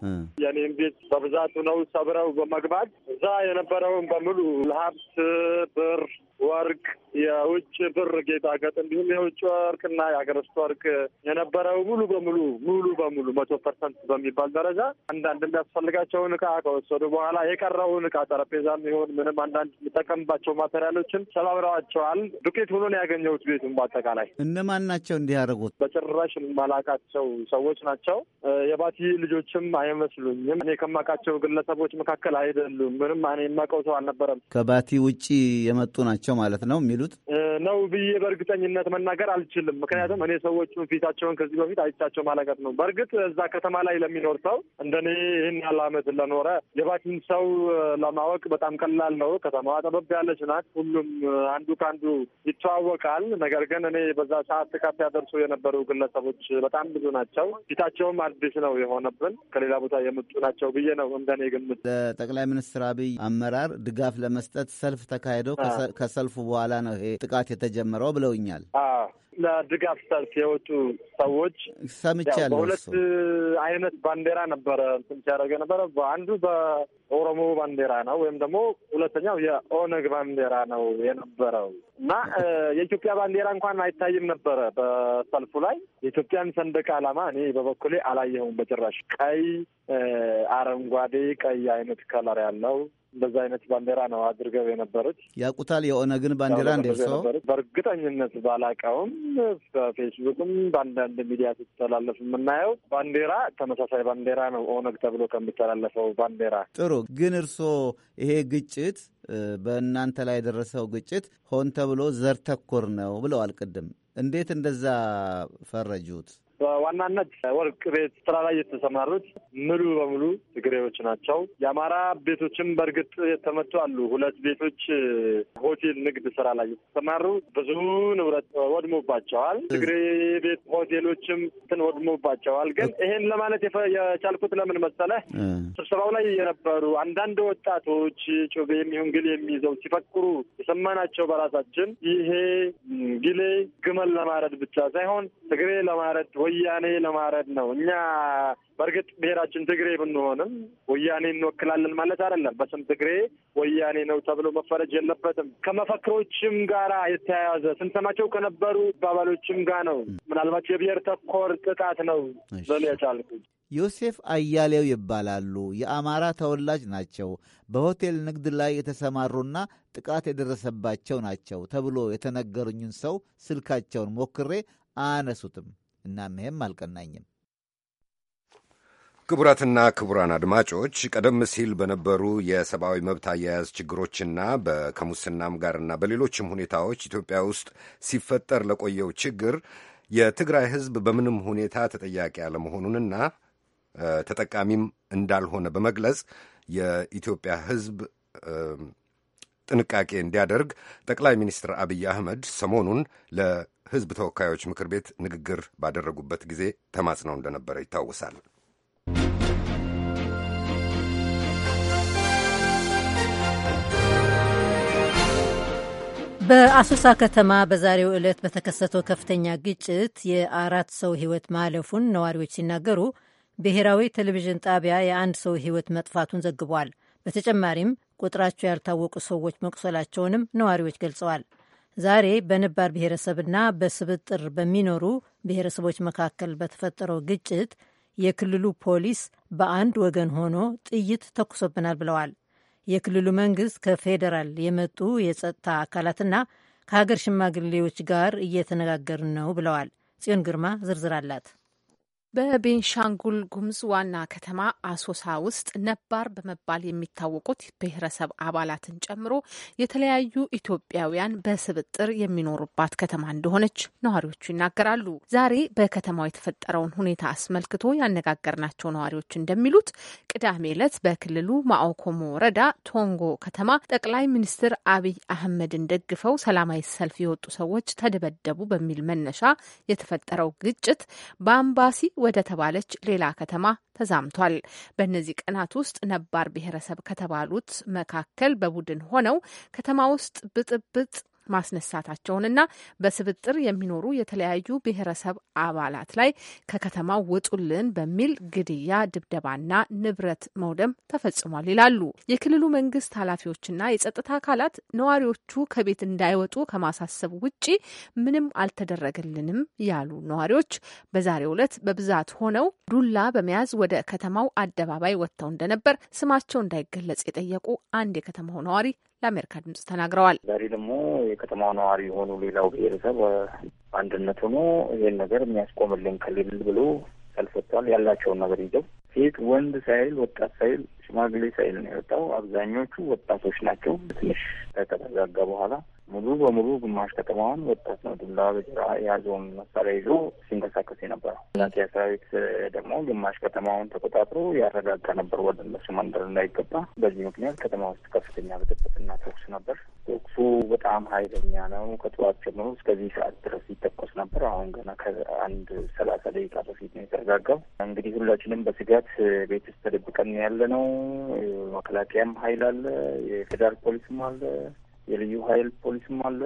የኔም ቤት በብዛት ነው ሰብረው በመግባት እዛ የነበረውን በሙሉ ለሀብት ብር ወርቅ፣ የውጭ ብር ጌጣጌጥ እንዲሁም የውጭ ወርቅና የሀገር ውስጥ ወርቅ የነበረው ሙሉ በሙሉ ሙሉ በሙሉ መቶ ፐርሰንት በሚባል ደረጃ አንዳንድ የሚያስፈልጋቸውን እቃ ከወሰዱ በኋላ የቀረውን እቃ ጠረጴዛም ይሁን ምንም አንዳንድ የሚጠቀምባቸው ማቴሪያሎችን ሰባብረዋቸዋል። ዱቄት ሆኖ ነው ያገኘሁት ቤቱን በአጠቃላይ። እነማን ናቸው እንዲህ ያደረጉት? በጭራሽ የማላቃቸው ሰዎች ናቸው። የባቲ ልጆችም አይመስሉኝም። እኔ ከማውቃቸው ግለሰቦች መካከል አይደሉም። ምንም እኔ የማውቀው ሰው አልነበረም። ከባቲ ውጭ የመጡ ናቸው ናቸው ማለት ነው የሚሉት ነው ብዬ በእርግጠኝነት መናገር አልችልም። ምክንያቱም እኔ ሰዎቹን ፊታቸውን ከዚህ በፊት አይቻቸው ማለቀት ነው። በእርግጥ እዛ ከተማ ላይ ለሚኖር ሰው እንደኔ ይህን ያለ አመት ለኖረ የባኪን ሰው ለማወቅ በጣም ቀላል ነው። ከተማዋ ጠበብ ያለች ናት። ሁሉም አንዱ ከአንዱ ይተዋወቃል። ነገር ግን እኔ በዛ ሰዓት ጥቃት ያደርሱ የነበሩ ግለሰቦች በጣም ብዙ ናቸው። ፊታቸውም አዲስ ነው የሆነብን ከሌላ ቦታ የመጡ ናቸው ብዬ ነው እንደኔ ግምት። ለጠቅላይ ሚኒስትር አብይ አመራር ድጋፍ ለመስጠት ሰልፍ ተካሂደው ሰልፉ በኋላ ነው ይሄ ጥቃት የተጀመረው ብለውኛል። ለድጋፍ ሰልፍ የወጡ ሰዎች ሰምቻለሁ። በሁለት አይነት ባንዴራ ነበረ ሲያደረገ ነበረ። አንዱ በኦሮሞ ባንዴራ ነው ወይም ደግሞ ሁለተኛው የኦነግ ባንዲራ ነው የነበረው እና የኢትዮጵያ ባንዲራ እንኳን አይታይም ነበረ በሰልፉ ላይ። የኢትዮጵያን ሰንደቅ ዓላማ እኔ በበኩሌ አላየሁም በጭራሽ። ቀይ፣ አረንጓዴ፣ ቀይ አይነት ከለር ያለው በዛ አይነት ባንዲራ ነው አድርገው የነበሩት። ያውቁታል የኦነግን ባንዲራ እንደ በእርግጠኝነት ባላቀውም በፌስቡክም በአንዳንድ ሚዲያ ሲተላለፍ የምናየው ባንዲራ ተመሳሳይ ባንዲራ ነው ኦነግ ተብሎ ከሚተላለፈው ባንዲራ። ጥሩ ግን እርሶ ይሄ ግጭት በእናንተ ላይ የደረሰው ግጭት ሆን ተብሎ ዘር ተኮር ነው ብለዋል ቅድም። እንዴት እንደዛ ፈረጁት? በዋናነት ወርቅ ቤት ስራ ላይ የተሰማሩት ሙሉ በሙሉ ትግሬዎች ናቸው። የአማራ ቤቶችም በእርግጥ የተመቱ አሉ። ሁለት ቤቶች ሆቴል ንግድ ስራ ላይ የተሰማሩ ብዙ ንብረት ወድሞባቸዋል። ትግሬ ቤት ሆቴሎችም እንትን ወድሞባቸዋል። ግን ይሄን ለማለት የቻልኩት ለምን መሰለህ፣ ስብሰባው ላይ የነበሩ አንዳንድ ወጣቶች ጩቤ የሚሆን ግል የሚይዘው ሲፈክሩ የሰማናቸው በራሳችን ይሄ ግሌ ግመል ለማረድ ብቻ ሳይሆን ትግሬ ለማረድ ወያኔ ለማረድ ነው። እኛ በእርግጥ ብሔራችን ትግሬ ብንሆንም ወያኔ እንወክላለን ማለት አይደለም። በስም ትግሬ ወያኔ ነው ተብሎ መፈረጅ የለበትም። ከመፈክሮችም ጋር የተያያዘ ስንሰማቸው ከነበሩ አባባሎችም ጋር ነው። ምናልባት የብሔር ተኮር ጥቃት ነው ብል የቻልኩ ዮሴፍ አያሌው ይባላሉ። የአማራ ተወላጅ ናቸው። በሆቴል ንግድ ላይ የተሰማሩና ጥቃት የደረሰባቸው ናቸው ተብሎ የተነገሩኝን ሰው ስልካቸውን ሞክሬ አያነሱትም። እና ምህም አልቀናኝም። ክቡራትና ክቡራን አድማጮች ቀደም ሲል በነበሩ የሰብአዊ መብት አያያዝ ችግሮችና በከሙስናም ጋርና በሌሎችም ሁኔታዎች ኢትዮጵያ ውስጥ ሲፈጠር ለቆየው ችግር የትግራይ ሕዝብ በምንም ሁኔታ ተጠያቂ አለመሆኑንና ተጠቃሚም እንዳልሆነ በመግለጽ የኢትዮጵያ ሕዝብ ጥንቃቄ እንዲያደርግ ጠቅላይ ሚኒስትር አብይ አህመድ ሰሞኑን ሕዝብ ተወካዮች ምክር ቤት ንግግር ባደረጉበት ጊዜ ተማጽነው እንደነበረ ይታወሳል። በአሶሳ ከተማ በዛሬው ዕለት በተከሰተው ከፍተኛ ግጭት የአራት ሰው ሕይወት ማለፉን ነዋሪዎች ሲናገሩ ብሔራዊ ቴሌቪዥን ጣቢያ የአንድ ሰው ሕይወት መጥፋቱን ዘግቧል። በተጨማሪም ቁጥራቸው ያልታወቁ ሰዎች መቁሰላቸውንም ነዋሪዎች ገልጸዋል። ዛሬ በነባር ብሔረሰብና በስብጥር በሚኖሩ ብሔረሰቦች መካከል በተፈጠረው ግጭት የክልሉ ፖሊስ በአንድ ወገን ሆኖ ጥይት ተኩሶብናል ብለዋል። የክልሉ መንግስት ከፌዴራል የመጡ የጸጥታ አካላትና ከሀገር ሽማግሌዎች ጋር እየተነጋገርን ነው ብለዋል። ጽዮን ግርማ ዝርዝር አላት። በቤንሻንጉል ጉሙዝ ዋና ከተማ አሶሳ ውስጥ ነባር በመባል የሚታወቁት ብሔረሰብ አባላትን ጨምሮ የተለያዩ ኢትዮጵያውያን በስብጥር የሚኖሩባት ከተማ እንደሆነች ነዋሪዎቹ ይናገራሉ። ዛሬ በከተማው የተፈጠረውን ሁኔታ አስመልክቶ ያነጋገርናቸው ነዋሪዎች እንደሚሉት ቅዳሜ ዕለት በክልሉ ማኦኮሞ ወረዳ ቶንጎ ከተማ ጠቅላይ ሚኒስትር አብይ አህመድን ደግፈው ሰላማዊ ሰልፍ የወጡ ሰዎች ተደበደቡ በሚል መነሻ የተፈጠረው ግጭት በአምባሲ ወደ ተባለች ሌላ ከተማ ተዛምቷል። በእነዚህ ቀናት ውስጥ ነባር ብሔረሰብ ከተባሉት መካከል በቡድን ሆነው ከተማ ውስጥ ብጥብጥ ማስነሳታቸውንና በስብጥር የሚኖሩ የተለያዩ ብሔረሰብ አባላት ላይ ከከተማው ውጡልን በሚል ግድያ፣ ድብደባና ንብረት መውደም ተፈጽሟል ይላሉ። የክልሉ መንግስት ኃላፊዎችና የጸጥታ አካላት ነዋሪዎቹ ከቤት እንዳይወጡ ከማሳሰብ ውጪ ምንም አልተደረገልንም ያሉ ነዋሪዎች በዛሬው ዕለት በብዛት ሆነው ዱላ በመያዝ ወደ ከተማው አደባባይ ወጥተው እንደነበር ስማቸው እንዳይገለጽ የጠየቁ አንድ የከተማው ነዋሪ ለአሜሪካ ድምጽ ተናግረዋል። ዛሬ ደግሞ የከተማው ነዋሪ የሆኑ ሌላው ብሔረሰብ አንድነት ሆኖ ይህን ነገር የሚያስቆምልን ከሌል ብሎ ሰልፈቷል። ያላቸውን ነገር ይዘው ሴት ወንድ ሳይል ወጣት ሳይል ሽማግሌ ሳይል ነው የወጣው። አብዛኞቹ ወጣቶች ናቸው። ትንሽ ከተረጋጋ በኋላ ሙሉ በሙሉ ግማሽ ከተማዋን ወጣት ነው ዱላ በጭራ የያዘውን መሳሪያ ይዞ ሲንቀሳቀስ የነበረው። መከላከያ ሰራዊት ደግሞ ግማሽ ከተማውን ተቆጣጥሮ ያረጋጋ ነበር ወደ እነሱ መንደር እንዳይገባ። በዚህ ምክንያት ከተማ ውስጥ ከፍተኛ ብጥብጥና ተኩስ ነበር። ተኩሱ በጣም ኃይለኛ ነው። ከጠዋት ጀምሮ እስከዚህ ሰዓት ድረስ ይተኮስ ነበር። አሁን ገና ከአንድ ሰላሳ ደቂቃ በፊት ነው የተረጋጋው። እንግዲህ ሁላችንም በስጋት ቤት ውስጥ ተደብቀን ያለ ነው። መከላከያም ሀይል አለ፣ የፌዴራል ፖሊስም አለ የልዩ ኃይል ፖሊስም አለ።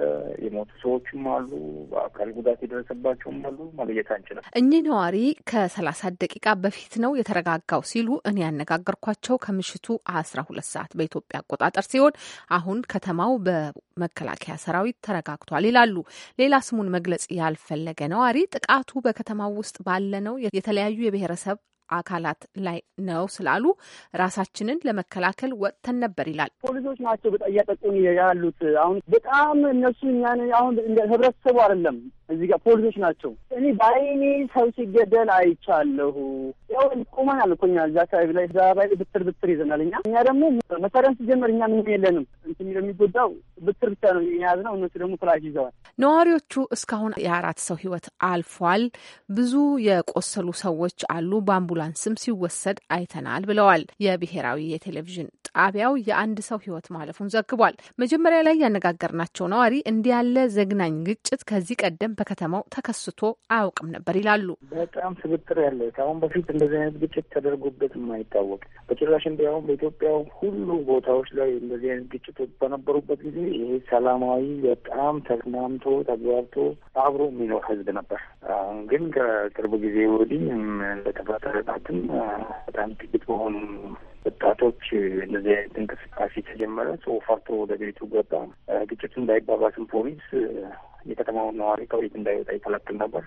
የሞቱ ሰዎችም አሉ። በአካል ጉዳት የደረሰባቸውም አሉ። መለየት አንችልም። እኚህ ነዋሪ ከሰላሳ ደቂቃ በፊት ነው የተረጋጋው ሲሉ እኔ ያነጋገርኳቸው ከምሽቱ አስራ ሁለት ሰዓት በኢትዮጵያ አቆጣጠር ሲሆን አሁን ከተማው በመከላከያ ሰራዊት ተረጋግቷል ይላሉ። ሌላ ስሙን መግለጽ ያልፈለገ ነዋሪ ጥቃቱ በከተማው ውስጥ ባለ ነው የተለያዩ የብሔረሰብ አካላት ላይ ነው ስላሉ ራሳችንን ለመከላከል ወጥተን ነበር ይላል። ፖሊሶች ናቸው እያጠቁን ያሉት። አሁን በጣም እነሱ እኛን አሁን ህብረተሰቡ አይደለም እዚህ ጋር ፖሊሶች ናቸው። እኔ በአይኔ ሰው ሲገደል አይቻለሁ። ያው ቁመናል እኮ እኛ አካባቢ ላይ ብትር ብትር ይዘናል። እኛ እኛ ደግሞ መሳሪያን ሲጀመር እኛ ምንም የለንም ያሉት የሚለው የሚጎዳው ብትር ብቻ ነው የያዝ ነው። እነሱ ደግሞ ፍላሽ ይዘዋል። ነዋሪዎቹ እስካሁን የአራት ሰው ህይወት አልፏል፣ ብዙ የቆሰሉ ሰዎች አሉ፣ በአምቡላንስም ሲወሰድ አይተናል ብለዋል። የብሔራዊ የቴሌቪዥን ጣቢያው የአንድ ሰው ህይወት ማለፉን ዘግቧል። መጀመሪያ ላይ ያነጋገርናቸው ነዋሪ እንዲህ ያለ ዘግናኝ ግጭት ከዚህ ቀደም በከተማው ተከስቶ አያውቅም ነበር ይላሉ። በጣም ስብጥር ያለው ከአሁን በፊት እንደዚህ አይነት ግጭት ተደርጎበት የማይታወቅ በጭራሽ እንዲያውም በኢትዮጵያ ሁሉ ቦታዎች ላይ እንደዚህ አይነት ግጭቶች በነበሩበት ጊዜ ይሄ ሰላማዊ በጣም ተስማምቶ ተግባብቶ አብሮ የሚኖር ህዝብ ነበር። ግን ከቅርብ ጊዜ ወዲህ እንደተፈጠረታትም በጣም ጥቂት በሆኑ ወጣቶች እንደዚህ አይነት እንቅስቃሴ ተጀመረ። ሰው ፈርቶ ወደ ቤቱ ገባ። ግጭቱ እንዳይባባስም ፖሊስ የከተማውን ነዋሪ ከቤት እንዳይወጣ ይከለክል ነበር።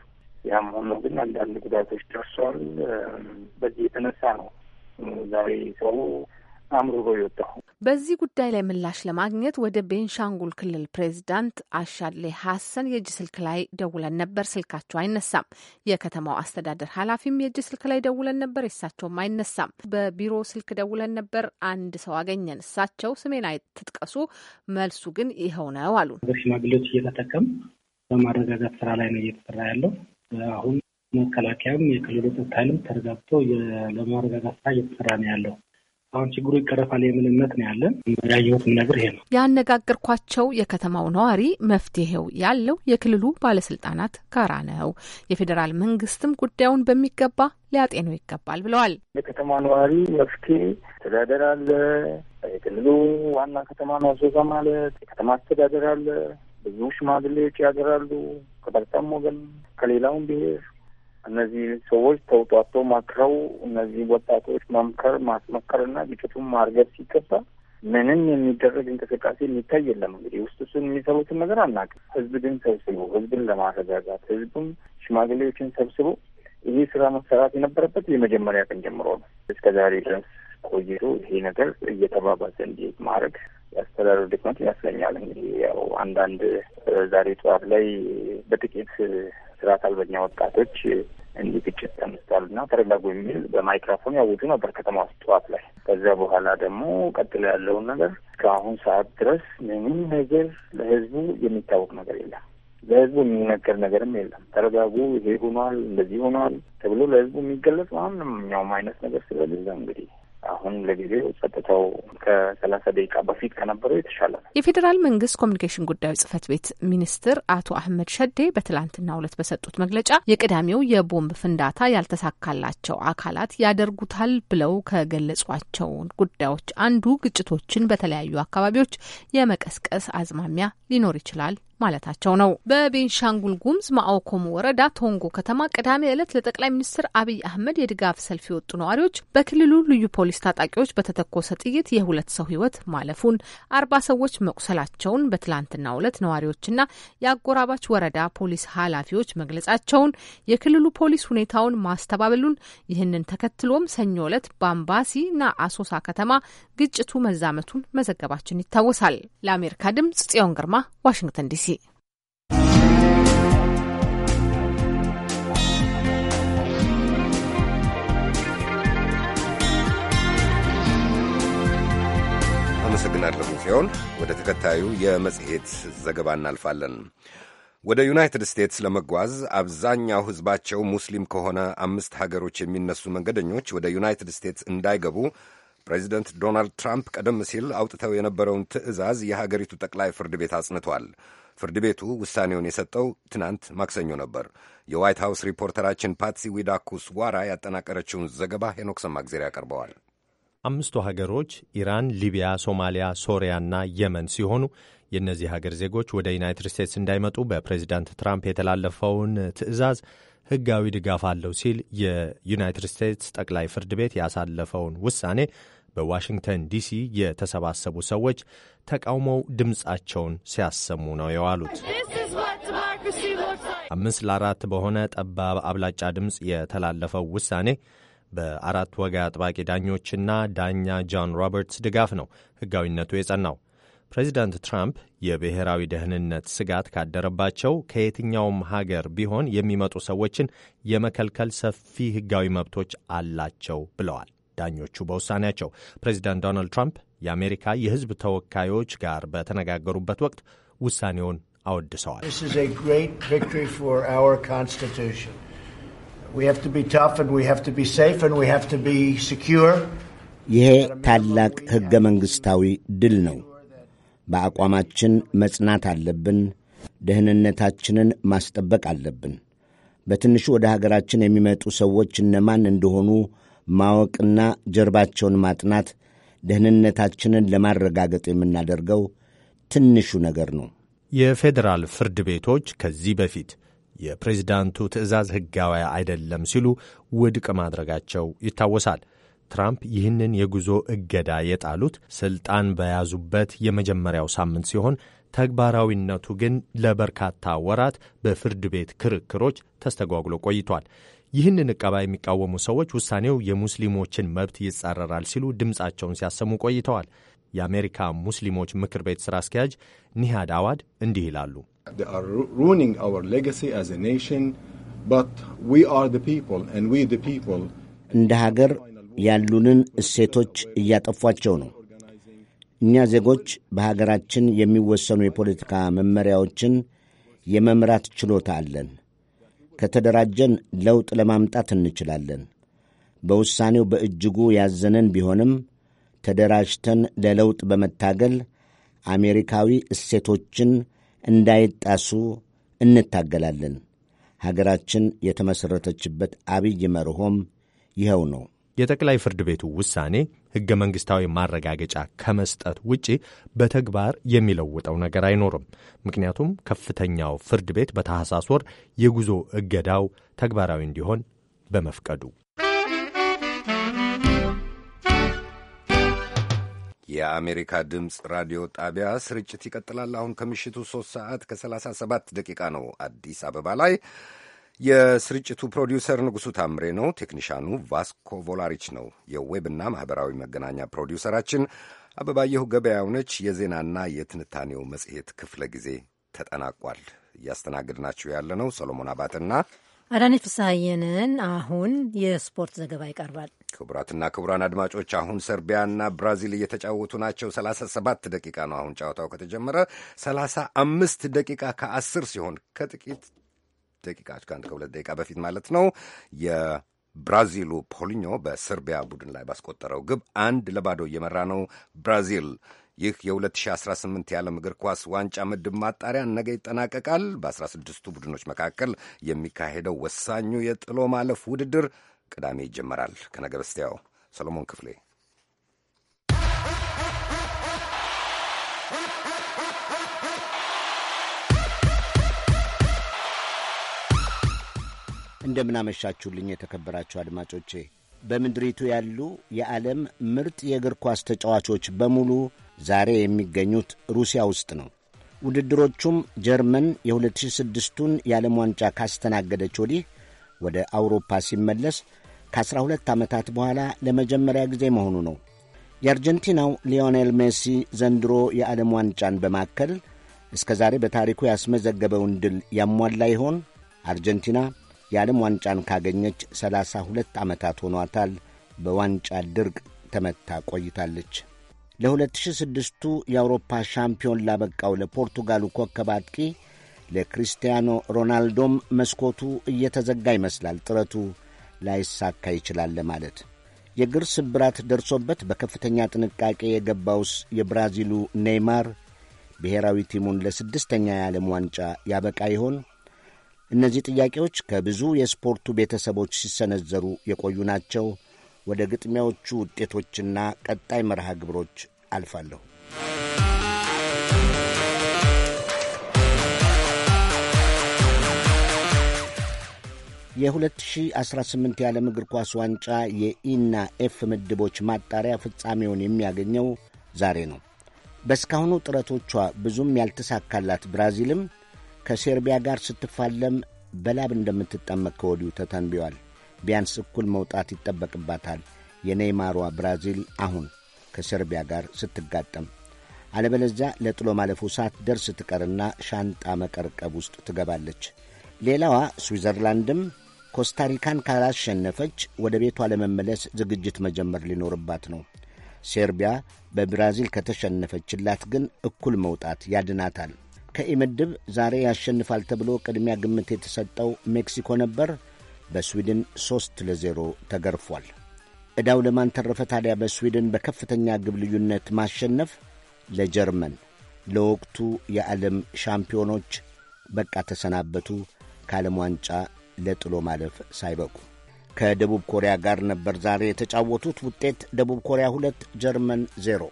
ያም ሆኖ ግን አንዳንድ ጉዳቶች ደርሷል። በዚህ የተነሳ ነው ዛሬ ሰው አምርሮ የወጣው። በዚህ ጉዳይ ላይ ምላሽ ለማግኘት ወደ ቤንሻንጉል ክልል ፕሬዚዳንት አሻሌ ሀሰን የእጅ ስልክ ላይ ደውለን ነበር። ስልካቸው አይነሳም። የከተማው አስተዳደር ኃላፊም የእጅ ስልክ ላይ ደውለን ነበር፣ የሳቸውም አይነሳም። በቢሮ ስልክ ደውለን ነበር፣ አንድ ሰው አገኘን። እሳቸው ስሜን አትጥቀሱ፣ መልሱ ግን ይኸው ነው አሉ። በሽማግሌዎች እየተጠቀም በማረጋጋት ስራ ላይ ነው እየተሰራ ያለው አሁን መከላከያም የክልሉ ጸጥታ ኃይልም ተረጋግቶ ለማረጋጋት ስራ እየተሰራ ነው ያለው አሁን ችግሩ ይቀረፋል የምንነት ነው ያለን። ያየሁትም ነገር ይሄ ነው። ያነጋገርኳቸው የከተማው ነዋሪ መፍትሄው ያለው የክልሉ ባለስልጣናት ጋራ ነው፣ የፌዴራል መንግስትም ጉዳዩን በሚገባ ሊያጤነው ይገባል ብለዋል። የከተማ ነዋሪ መፍትሄ አስተዳደር አለ፣ የክልሉ ዋና ከተማ ነው ዞዛ ማለት የከተማ አስተዳደር አለ። ብዙ ሽማግሌዎች ያገራሉ ከበርታም ወገን ከሌላውም ብሄር እነዚህ ሰዎች ተውጧቶ መክረው እነዚህ ወጣቶች መምከር ማስመከርና ግጭቱን ማርገብ ሲገባ ምንም የሚደረግ እንቅስቃሴ የሚታይ የለም። እንግዲህ ውስጥ እሱን የሚሰሩትን ነገር አናውቅም። ህዝብ ግን ሰብስቦ ህዝብን ለማረጋጋት ህዝቡም ሽማግሌዎችን ሰብስቦ ይህ ስራ መሰራት የነበረበት የመጀመሪያ ቀን ጀምሮ ነው። እስከ ዛሬ ድረስ ቆይቶ ይሄ ነገር እየተባባሰ እንዴት ማድረግ የአስተዳደር ድክመት ይመስለኛል። እንግዲህ ያው አንዳንድ ዛሬ ጠዋት ላይ በጥቂት ስርዓት አልበኛ ወጣቶች እንዲህ ግጭት ተነስቷል እና ተረጋጉ የሚል በማይክሮፎን ያውጡ ነበር ከተማ ውስጥ ጠዋት ላይ። ከዚያ በኋላ ደግሞ ቀጥሎ ያለውን ነገር ከአሁን ሰዓት ድረስ ምንም ነገር ለህዝቡ የሚታወቅ ነገር የለም። ለህዝቡ የሚነገር ነገርም የለም። ተረጋጉ፣ ይሄ ሆኗል፣ እንደዚህ ሆኗል ተብሎ ለህዝቡ የሚገለጽ ማንኛውም አይነት ነገር ስለሌለ እንግዲህ አሁን ለጊዜው ጸጥታው ከሰላሳ ደቂቃ በፊት ከነበረው የተሻለ ነው። የፌዴራል መንግስት ኮሚኒኬሽን ጉዳዮች ጽህፈት ቤት ሚኒስትር አቶ አህመድ ሸዴ በትላንትናው ዕለት በሰጡት መግለጫ የቅዳሜው የቦምብ ፍንዳታ ያልተሳካላቸው አካላት ያደርጉታል ብለው ከገለጿቸው ጉዳዮች አንዱ ግጭቶችን በተለያዩ አካባቢዎች የመቀስቀስ አዝማሚያ ሊኖር ይችላል ማለታቸው ነው። በቤንሻንጉል ጉምዝ ማኦኮሞ ወረዳ ቶንጎ ከተማ ቅዳሜ ዕለት ለጠቅላይ ሚኒስትር አብይ አህመድ የድጋፍ ሰልፍ የወጡ ነዋሪዎች በክልሉ ልዩ ፖሊስ ታጣቂዎች በተተኮሰ ጥይት የሁለት ሰው ህይወት ማለፉን፣ አርባ ሰዎች መቁሰላቸውን በትላንትናው ዕለት ነዋሪዎችና የአጎራባች ወረዳ ፖሊስ ኃላፊዎች መግለጻቸውን፣ የክልሉ ፖሊስ ሁኔታውን ማስተባበሉን፣ ይህንን ተከትሎም ሰኞ ዕለት ባምባሲ እና አሶሳ ከተማ ግጭቱ መዛመቱን መዘገባችን ይታወሳል። ለአሜሪካ ድምጽ ጽዮን ግርማ፣ ዋሽንግተን ዲሲ። አመሰግናለሁ ጽዮን። ወደ ተከታዩ የመጽሔት ዘገባ እናልፋለን። ወደ ዩናይትድ ስቴትስ ለመጓዝ አብዛኛው ሕዝባቸው ሙስሊም ከሆነ አምስት ሀገሮች የሚነሱ መንገደኞች ወደ ዩናይትድ ስቴትስ እንዳይገቡ ፕሬዚደንት ዶናልድ ትራምፕ ቀደም ሲል አውጥተው የነበረውን ትዕዛዝ የሀገሪቱ ጠቅላይ ፍርድ ቤት አጽንቷል። ፍርድ ቤቱ ውሳኔውን የሰጠው ትናንት ማክሰኞ ነበር። የዋይት ሀውስ ሪፖርተራችን ፓትሲ ዊዳኩስ ዋራ ያጠናቀረችውን ዘገባ ሄኖክ ሰማግዜር ያቀርበዋል። አምስቱ ሀገሮች ኢራን፣ ሊቢያ፣ ሶማሊያ፣ ሶሪያና የመን ሲሆኑ የእነዚህ ሀገር ዜጎች ወደ ዩናይትድ ስቴትስ እንዳይመጡ በፕሬዚዳንት ትራምፕ የተላለፈውን ትዕዛዝ ሕጋዊ ድጋፍ አለው ሲል የዩናይትድ ስቴትስ ጠቅላይ ፍርድ ቤት ያሳለፈውን ውሳኔ በዋሽንግተን ዲሲ የተሰባሰቡ ሰዎች ተቃውሞው ድምፃቸውን ሲያሰሙ ነው የዋሉት። አምስት ለአራት በሆነ ጠባብ አብላጫ ድምፅ የተላለፈው ውሳኔ በአራት ወጋ አጥባቂ ዳኞችና ዳኛ ጆን ሮበርትስ ድጋፍ ነው ሕጋዊነቱ የጸናው። ፕሬዚዳንት ትራምፕ የብሔራዊ ደህንነት ስጋት ካደረባቸው ከየትኛውም ሀገር ቢሆን የሚመጡ ሰዎችን የመከልከል ሰፊ ሕጋዊ መብቶች አላቸው ብለዋል። ዳኞቹ በውሳኔያቸው ፕሬዚዳንት ዶናልድ ትራምፕ የአሜሪካ የሕዝብ ተወካዮች ጋር በተነጋገሩበት ወቅት ውሳኔውን አወድሰዋል። ይሄ ታላቅ ሕገ መንግሥታዊ ድል ነው። በአቋማችን መጽናት አለብን። ደህንነታችንን ማስጠበቅ አለብን። በትንሹ ወደ ሀገራችን የሚመጡ ሰዎች እነማን እንደሆኑ ማወቅና ጀርባቸውን ማጥናት ደህንነታችንን ለማረጋገጥ የምናደርገው ትንሹ ነገር ነው። የፌዴራል ፍርድ ቤቶች ከዚህ በፊት የፕሬዝዳንቱ ትዕዛዝ ሕጋዊ አይደለም ሲሉ ውድቅ ማድረጋቸው ይታወሳል። ትራምፕ ይህንን የጉዞ እገዳ የጣሉት ስልጣን በያዙበት የመጀመሪያው ሳምንት ሲሆን ተግባራዊነቱ ግን ለበርካታ ወራት በፍርድ ቤት ክርክሮች ተስተጓጉሎ ቆይቷል። ይህንን እቀባ የሚቃወሙ ሰዎች ውሳኔው የሙስሊሞችን መብት ይጻረራል ሲሉ ድምፃቸውን ሲያሰሙ ቆይተዋል። የአሜሪካ ሙስሊሞች ምክር ቤት ሥራ አስኪያጅ ኒሃድ አዋድ እንዲህ ይላሉ። እንደ ሀገር ያሉንን እሴቶች እያጠፏቸው ነው። እኛ ዜጎች በሀገራችን የሚወሰኑ የፖለቲካ መመሪያዎችን የመምራት ችሎታ አለን። ከተደራጀን ለውጥ ለማምጣት እንችላለን። በውሳኔው በእጅጉ ያዘነን ቢሆንም ተደራጅተን ለለውጥ በመታገል አሜሪካዊ እሴቶችን እንዳይጣሱ እንታገላለን። ሀገራችን የተመሠረተችበት አብይ መርሆም ይኸው ነው። የጠቅላይ ፍርድ ቤቱ ውሳኔ ሕገ መንግሥታዊ ማረጋገጫ ከመስጠት ውጪ በተግባር የሚለውጠው ነገር አይኖርም። ምክንያቱም ከፍተኛው ፍርድ ቤት በታህሳስ ወር የጉዞ እገዳው ተግባራዊ እንዲሆን በመፍቀዱ የአሜሪካ ድምፅ ራዲዮ ጣቢያ ስርጭት ይቀጥላል። አሁን ከምሽቱ 3 ሰዓት ከ37 ደቂቃ ነው አዲስ አበባ ላይ የስርጭቱ ፕሮዲውሰር ንጉሡ ታምሬ ነው። ቴክኒሻኑ ቫስኮ ቮላሪች ነው። የዌብና ማኅበራዊ መገናኛ ፕሮዲውሰራችን አበባየሁ ገበያው ነች። የዜናና የትንታኔው መጽሔት ክፍለ ጊዜ ተጠናቋል። እያስተናገድናችሁ ያለ ነው ሰሎሞን አባትና አዳነች ፍስሐየንን። አሁን የስፖርት ዘገባ ይቀርባል። ክቡራትና ክቡራን አድማጮች አሁን ሰርቢያና ብራዚል እየተጫወቱ ናቸው። 37 ደቂቃ ነው አሁን ጨዋታው ከተጀመረ 35 ደቂቃ ከ ከ10 ሲሆን ከጥቂት ደቂቃዎች ከአንድ ከሁለት ደቂቃ በፊት ማለት ነው የብራዚሉ ፖሊኞ በሰርቢያ ቡድን ላይ ባስቆጠረው ግብ አንድ ለባዶ እየመራ ነው ብራዚል። ይህ የ2018 የዓለም እግር ኳስ ዋንጫ ምድብ ማጣሪያ ነገ ይጠናቀቃል። በ16ቱ ቡድኖች መካከል የሚካሄደው ወሳኙ የጥሎ ማለፍ ውድድር ቅዳሜ ይጀመራል። ከነገ በስቲያው ሰሎሞን ክፍሌ እንደምናመሻችሁልኝ የተከበራችሁ አድማጮቼ በምድሪቱ ያሉ የዓለም ምርጥ የእግር ኳስ ተጫዋቾች በሙሉ ዛሬ የሚገኙት ሩሲያ ውስጥ ነው። ውድድሮቹም ጀርመን የ2006ቱን የዓለም ዋንጫ ካስተናገደች ወዲህ ወደ አውሮፓ ሲመለስ ከ12 ዓመታት በኋላ ለመጀመሪያ ጊዜ መሆኑ ነው። የአርጀንቲናው ሊዮኔል ሜሲ ዘንድሮ የዓለም ዋንጫን በማከል እስከ ዛሬ በታሪኩ ያስመዘገበውን ድል ያሟላ ይሆን? አርጀንቲና የዓለም ዋንጫን ካገኘች ሰላሳ ሁለት ዓመታት ሆኗታል። በዋንጫ ድርቅ ተመታ ቆይታለች። ለ2006ቱ የአውሮፓ ሻምፒዮን ላበቃው ለፖርቱጋሉ ኮከብ አጥቂ ለክሪስቲያኖ ሮናልዶም መስኮቱ እየተዘጋ ይመስላል። ጥረቱ ላይሳካ ይችላል ለማለት የግር ስብራት ደርሶበት በከፍተኛ ጥንቃቄ የገባውስ የብራዚሉ ኔይማር ብሔራዊ ቲሙን ለስድስተኛ የዓለም ዋንጫ ያበቃ ይሆን? እነዚህ ጥያቄዎች ከብዙ የስፖርቱ ቤተሰቦች ሲሰነዘሩ የቆዩ ናቸው። ወደ ግጥሚያዎቹ ውጤቶችና ቀጣይ መርሃ ግብሮች አልፋለሁ። የ2018 የዓለም እግር ኳስ ዋንጫ የኢና ኤፍ ምድቦች ማጣሪያ ፍጻሜውን የሚያገኘው ዛሬ ነው። በእስካሁኑ ጥረቶቿ ብዙም ያልተሳካላት ብራዚልም ከሴርቢያ ጋር ስትፋለም በላብ እንደምትጠመቅ ከወዲሁ ተተንቢዋል። ቢያንስ እኩል መውጣት ይጠበቅባታል። የኔይማሯ ብራዚል አሁን ከሴርቢያ ጋር ስትጋጠም አለበለዚያ ለጥሎ ማለፉ ደርስ ትቀርና ሻንጣ መቀርቀብ ውስጥ ትገባለች። ሌላዋ ስዊዘርላንድም ኮስታሪካን ካላሸነፈች ወደ ቤቷ ለመመለስ ዝግጅት መጀመር ሊኖርባት ነው። ሴርቢያ በብራዚል ከተሸነፈችላት ግን እኩል መውጣት ያድናታል። ከኢምድብ ዛሬ ያሸንፋል ተብሎ ቅድሚያ ግምት የተሰጠው ሜክሲኮ ነበር። በስዊድን ሦስት ለዜሮ ተገርፏል። ዕዳው ለማን ተረፈ ታዲያ? በስዊድን በከፍተኛ ግብ ልዩነት ማሸነፍ ለጀርመን ለወቅቱ የዓለም ሻምፒዮኖች በቃ ተሰናበቱ። ከዓለም ዋንጫ ለጥሎ ማለፍ ሳይበቁ ከደቡብ ኮሪያ ጋር ነበር ዛሬ የተጫወቱት። ውጤት ደቡብ ኮሪያ ሁለት ጀርመን ዜሮ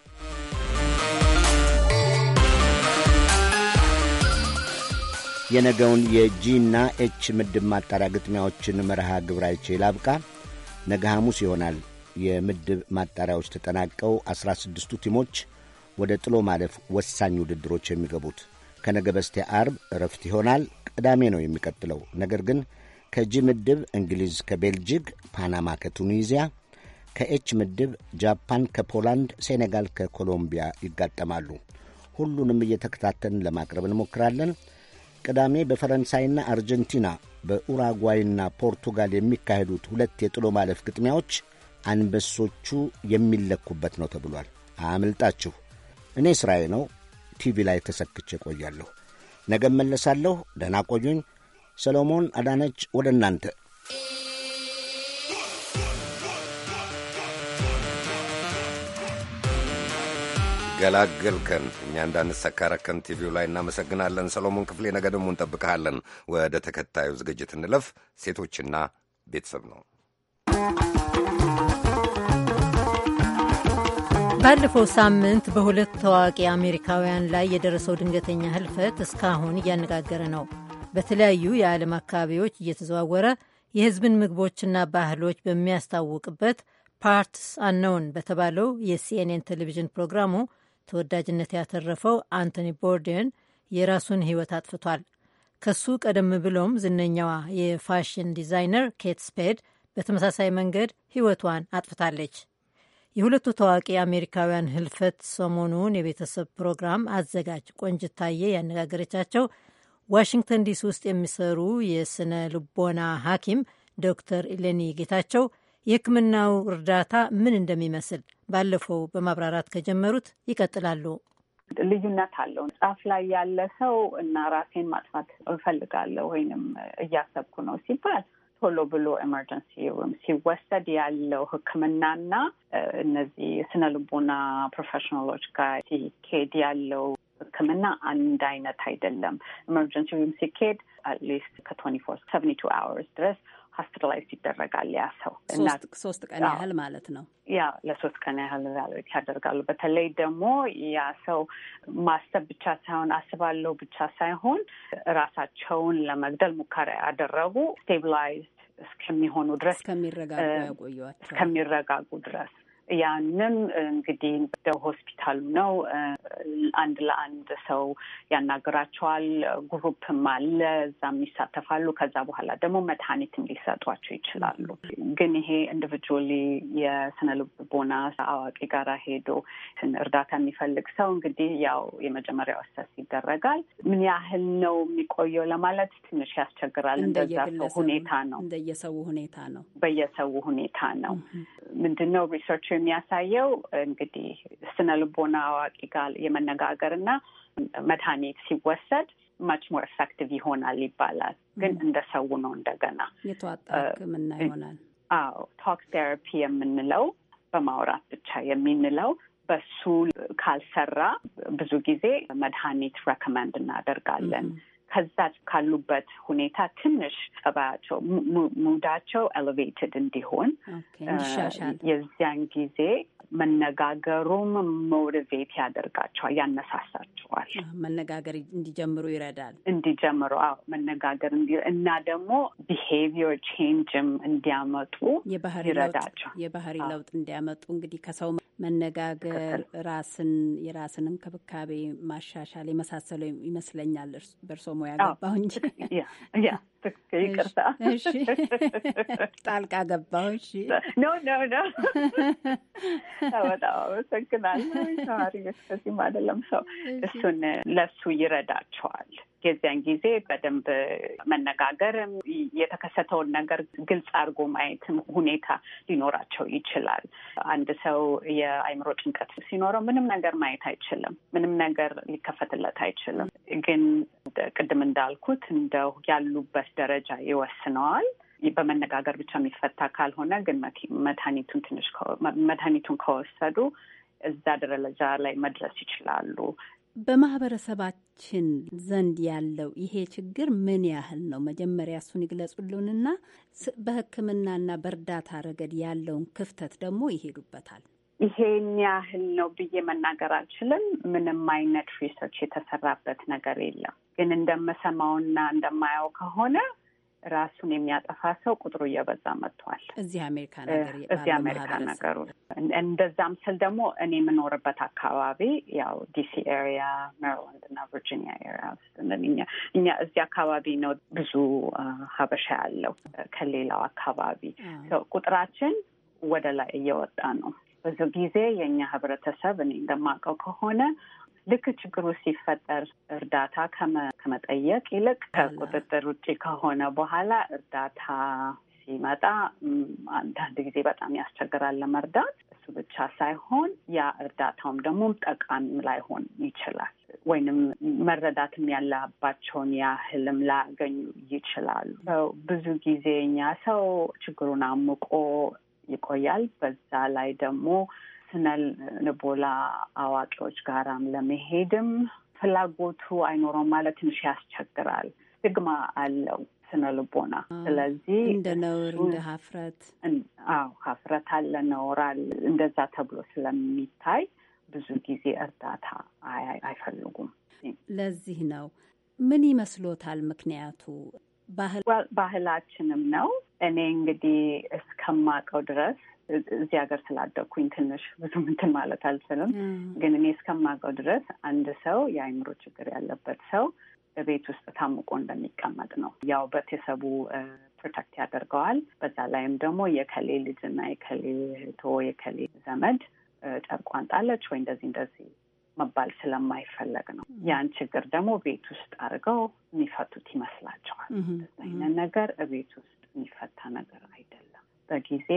የነገውን የጂና ኤች ምድብ ማጣሪያ ግጥሚያዎችን መርሃ ግብራይቼ ላብቃ። ነገ ሐሙስ ይሆናል የምድብ ማጣሪያዎች ተጠናቀው አስራ ስድስቱ ቲሞች ወደ ጥሎ ማለፍ ወሳኝ ውድድሮች የሚገቡት ከነገ በስቲያ አርብ እረፍት ይሆናል። ቅዳሜ ነው የሚቀጥለው። ነገር ግን ከጂ ምድብ እንግሊዝ ከቤልጅግ፣ ፓናማ ከቱኒዚያ፣ ከኤች ምድብ ጃፓን ከፖላንድ፣ ሴኔጋል ከኮሎምቢያ ይጋጠማሉ። ሁሉንም እየተከታተልን ለማቅረብ እንሞክራለን። ቅዳሜ በፈረንሳይና አርጀንቲና በኡራጓይና ፖርቱጋል የሚካሄዱት ሁለት የጥሎ ማለፍ ግጥሚያዎች አንበሶቹ የሚለኩበት ነው ተብሏል። አያምልጣችሁ። እኔ ሥራዬ ነው፣ ቲቪ ላይ ተሰክቼ ቆያለሁ። ነገ መለሳለሁ። ደህና ቆዩኝ። ሰሎሞን አዳነች ወደ እናንተ ገላገልከን እኛ እንዳንሰካረከን ቲቪው ላይ እናመሰግናለን። ሰሎሞን ክፍሌ፣ ነገ ደግሞ እንጠብቀሃለን። ወደ ተከታዩ ዝግጅት እንለፍ። ሴቶችና ቤተሰብ ነው። ባለፈው ሳምንት በሁለት ታዋቂ አሜሪካውያን ላይ የደረሰው ድንገተኛ ህልፈት እስካሁን እያነጋገረ ነው። በተለያዩ የዓለም አካባቢዎች እየተዘዋወረ የህዝብን ምግቦችና ባህሎች በሚያስታውቅበት ፓርትስ አነውን በተባለው የሲኤንኤን ቴሌቪዥን ፕሮግራሙ ተወዳጅነት ያተረፈው አንቶኒ ቦርደን የራሱን ሕይወት አጥፍቷል። ከሱ ቀደም ብሎም ዝነኛዋ የፋሽን ዲዛይነር ኬት ስፔድ በተመሳሳይ መንገድ ሕይወቷን አጥፍታለች። የሁለቱ ታዋቂ አሜሪካውያን ህልፈት ሰሞኑን የቤተሰብ ፕሮግራም አዘጋጅ ቆንጅታዬ ያነጋገረቻቸው ዋሽንግተን ዲሲ ውስጥ የሚሰሩ የስነ ልቦና ሐኪም ዶክተር ኢሌኒ ጌታቸው የሕክምናው እርዳታ ምን እንደሚመስል ባለፈው በማብራራት ከጀመሩት ይቀጥላሉ። ልዩነት አለው። ጫፍ ላይ ያለ ሰው እና ራሴን ማጥፋት እፈልጋለሁ ወይንም እያሰብኩ ነው ሲባል ቶሎ ብሎ ኤመርጀንሲ ሩም ሲወሰድ ያለው ህክምናና እነዚህ ስነ ልቦና ፕሮፌሽናሎች ጋር ሲኬድ ያለው ህክምና አንድ አይነት አይደለም። ኤመርጀንሲ ሩም ሲኬድ አትሊስት ከትወንቲ ፎር ሰቨንቲ ቱ አወርስ ድረስ ሆስፒታላይዝ ይደረጋል። ያ ሰው ሶስት ቀን ያህል ማለት ነው። ያ ለሶስት ቀን ያህል ዛሎት ያደርጋሉ። በተለይ ደግሞ ያ ሰው ማሰብ ብቻ ሳይሆን አስባለው ብቻ ሳይሆን ራሳቸውን ለመግደል ሙከራ ያደረጉ ስቴብላይዝ እስከሚሆኑ ድረስ እስከሚረጋጉ ያቆዩዋቸው እስከሚረጋጉ ድረስ ያንም እንግዲህ እንደ ሆስፒታሉ ነው። አንድ ለአንድ ሰው ያናግራቸዋል። ግሩፕም አለ፣ እዛም ይሳተፋሉ። ከዛ በኋላ ደግሞ መድኃኒትም ሊሰጧቸው ይችላሉ። ግን ይሄ ኢንዲቪጁዋሊ የስነ ልቦና አዋቂ ጋራ ሄዶ እርዳታ የሚፈልግ ሰው እንግዲህ ያው የመጀመሪያው ሰስ ይደረጋል። ምን ያህል ነው የሚቆየው ለማለት ትንሽ ያስቸግራል። እንደዛ ሁኔታ ነው፣ እንደየሰው ሁኔታ ነው፣ በየሰው ሁኔታ ነው። ምንድን ነው ሪሰርች የሚያሳየው እንግዲህ ስነ ልቦና አዋቂ ጋር የመነጋገርና መድኃኒት ሲወሰድ ማች ሞር ኤፌክቲቭ ይሆናል ይባላል። ግን እንደ ሰው ነው እንደገና የተዋጣ ሕክምና ይሆናል። አዎ ቶክ ቴራፒ የምንለው በማውራት ብቻ የምንለው በሱ ካልሰራ ብዙ ጊዜ መድኃኒት ሬኮመንድ እናደርጋለን። ከዛ ካሉበት ሁኔታ ትንሽ ጸባያቸው፣ ሙዳቸው ኤሌቬትድ እንዲሆን የዚያን ጊዜ መነጋገሩም ሞቲቬት ያደርጋቸዋል፣ ያነሳሳቸዋል። መነጋገር እንዲጀምሩ ይረዳል። እንዲጀምሩ አዎ፣ መነጋገር እንዲ እና ደግሞ ቢሄቪየር ቼንጅም እንዲያመጡ ይረዳቸዋል። የባህሪ ለውጥ እንዲያመጡ እንግዲህ ከሰው መነጋገር፣ ራስን የራስን እንክብካቤ ማሻሻል የመሳሰሉ ይመስለኛል። በእርሶ ሙያ ገባሁ እንጂ ይቅርታ ጣልቃ ገባሁ። እሺ ኖ ኖ ኖ፣ በጣም አመሰግናለሁ። ተማሪ ከዚህም አይደለም ሰው እሱን ለሱ ይረዳቸዋል። የዚያን ጊዜ በደንብ መነጋገርም የተከሰተውን ነገር ግልጽ አድርጎ ማየትም ሁኔታ ሊኖራቸው ይችላል። አንድ ሰው የአይምሮ ጭንቀት ሲኖረው ምንም ነገር ማየት አይችልም፣ ምንም ነገር ሊከፈትለት አይችልም። ግን ቅድም እንዳልኩት እንደ ያሉበት ደረጃ ይወስነዋል። በመነጋገር ብቻ የሚፈታ ካልሆነ ግን መድኃኒቱን ትንሽ መድኃኒቱን ከወሰዱ እዛ ደረጃ ላይ መድረስ ይችላሉ። በማህበረሰባችን ዘንድ ያለው ይሄ ችግር ምን ያህል ነው? መጀመሪያ እሱን ይግለጹልንና በሕክምናና በእርዳታ ረገድ ያለውን ክፍተት ደግሞ ይሄዱበታል። ይሄን ያህል ነው ብዬ መናገር አልችልም። ምንም አይነት ሪሰርች የተሰራበት ነገር የለም። ግን እንደምሰማውና እንደማየው ከሆነ ራሱን የሚያጠፋ ሰው ቁጥሩ እየበዛ መጥቷል። እዚህ አሜሪካ ነገር እዚህ አሜሪካ ነገሩ እንደዛም ስል ደግሞ እኔ የምኖርበት አካባቢ ያው ዲሲ ኤሪያ፣ ሜሪላንድ እና ቨርጂኒያ ኤሪያ ውስጥ እኛ እዚህ አካባቢ ነው ብዙ ሀበሻ ያለው ከሌላው አካባቢ ቁጥራችን ወደ ላይ እየወጣ ነው። ብዙ ጊዜ የእኛ ህብረተሰብ እኔ እንደማውቀው ከሆነ ልክ ችግሩ ሲፈጠር እርዳታ ከመጠየቅ ይልቅ ከቁጥጥር ውጭ ከሆነ በኋላ እርዳታ ሲመጣ አንዳንድ ጊዜ በጣም ያስቸግራል ለመርዳት። እሱ ብቻ ሳይሆን ያ እርዳታውም ደግሞ ጠቃሚ ላይሆን ይችላል፣ ወይንም መረዳትም ያለባቸውን ያህልም ላያገኙ ይችላሉ። ብዙ ጊዜ እኛ ሰው ችግሩን አምቆ ይቆያል። በዛ ላይ ደግሞ ስነ ልቦና አዋቂዎች ጋራም ለመሄድም ፍላጎቱ አይኖረም ማለት ትንሽ ያስቸግራል። ስግማ አለው ስነ ልቦና። ስለዚህ እንደ ነውር እንደ ሀፍረት፣ አዎ ሀፍረት አለ ነውር አለ። እንደዛ ተብሎ ስለሚታይ ብዙ ጊዜ እርዳታ አይፈልጉም። ለዚህ ነው ምን ይመስሎታል ምክንያቱ? ባህላችንም ነው። እኔ እንግዲህ እስከማውቀው ድረስ እዚህ ሀገር ስላደኩኝ ትንሽ ብዙ ምንትን ማለት አልችልም፣ ግን እኔ እስከማውቀው ድረስ አንድ ሰው የአይምሮ ችግር ያለበት ሰው ቤት ውስጥ ታምቆ እንደሚቀመጥ ነው። ያው ቤተሰቡ ፕሮቴክት ያደርገዋል። በዛ ላይም ደግሞ የከሌ ልጅና የከሌ እህቶ የከሌ ዘመድ ጨርቋን ጣለች ወይ እንደዚህ እንደዚህ መባል ስለማይፈለግ ነው። ያን ችግር ደግሞ ቤት ውስጥ አድርገው የሚፈቱት ይመስላቸዋል። አይነት ነገር ቤት ውስጥ የሚፈታ ነገር አይደለም። በጊዜ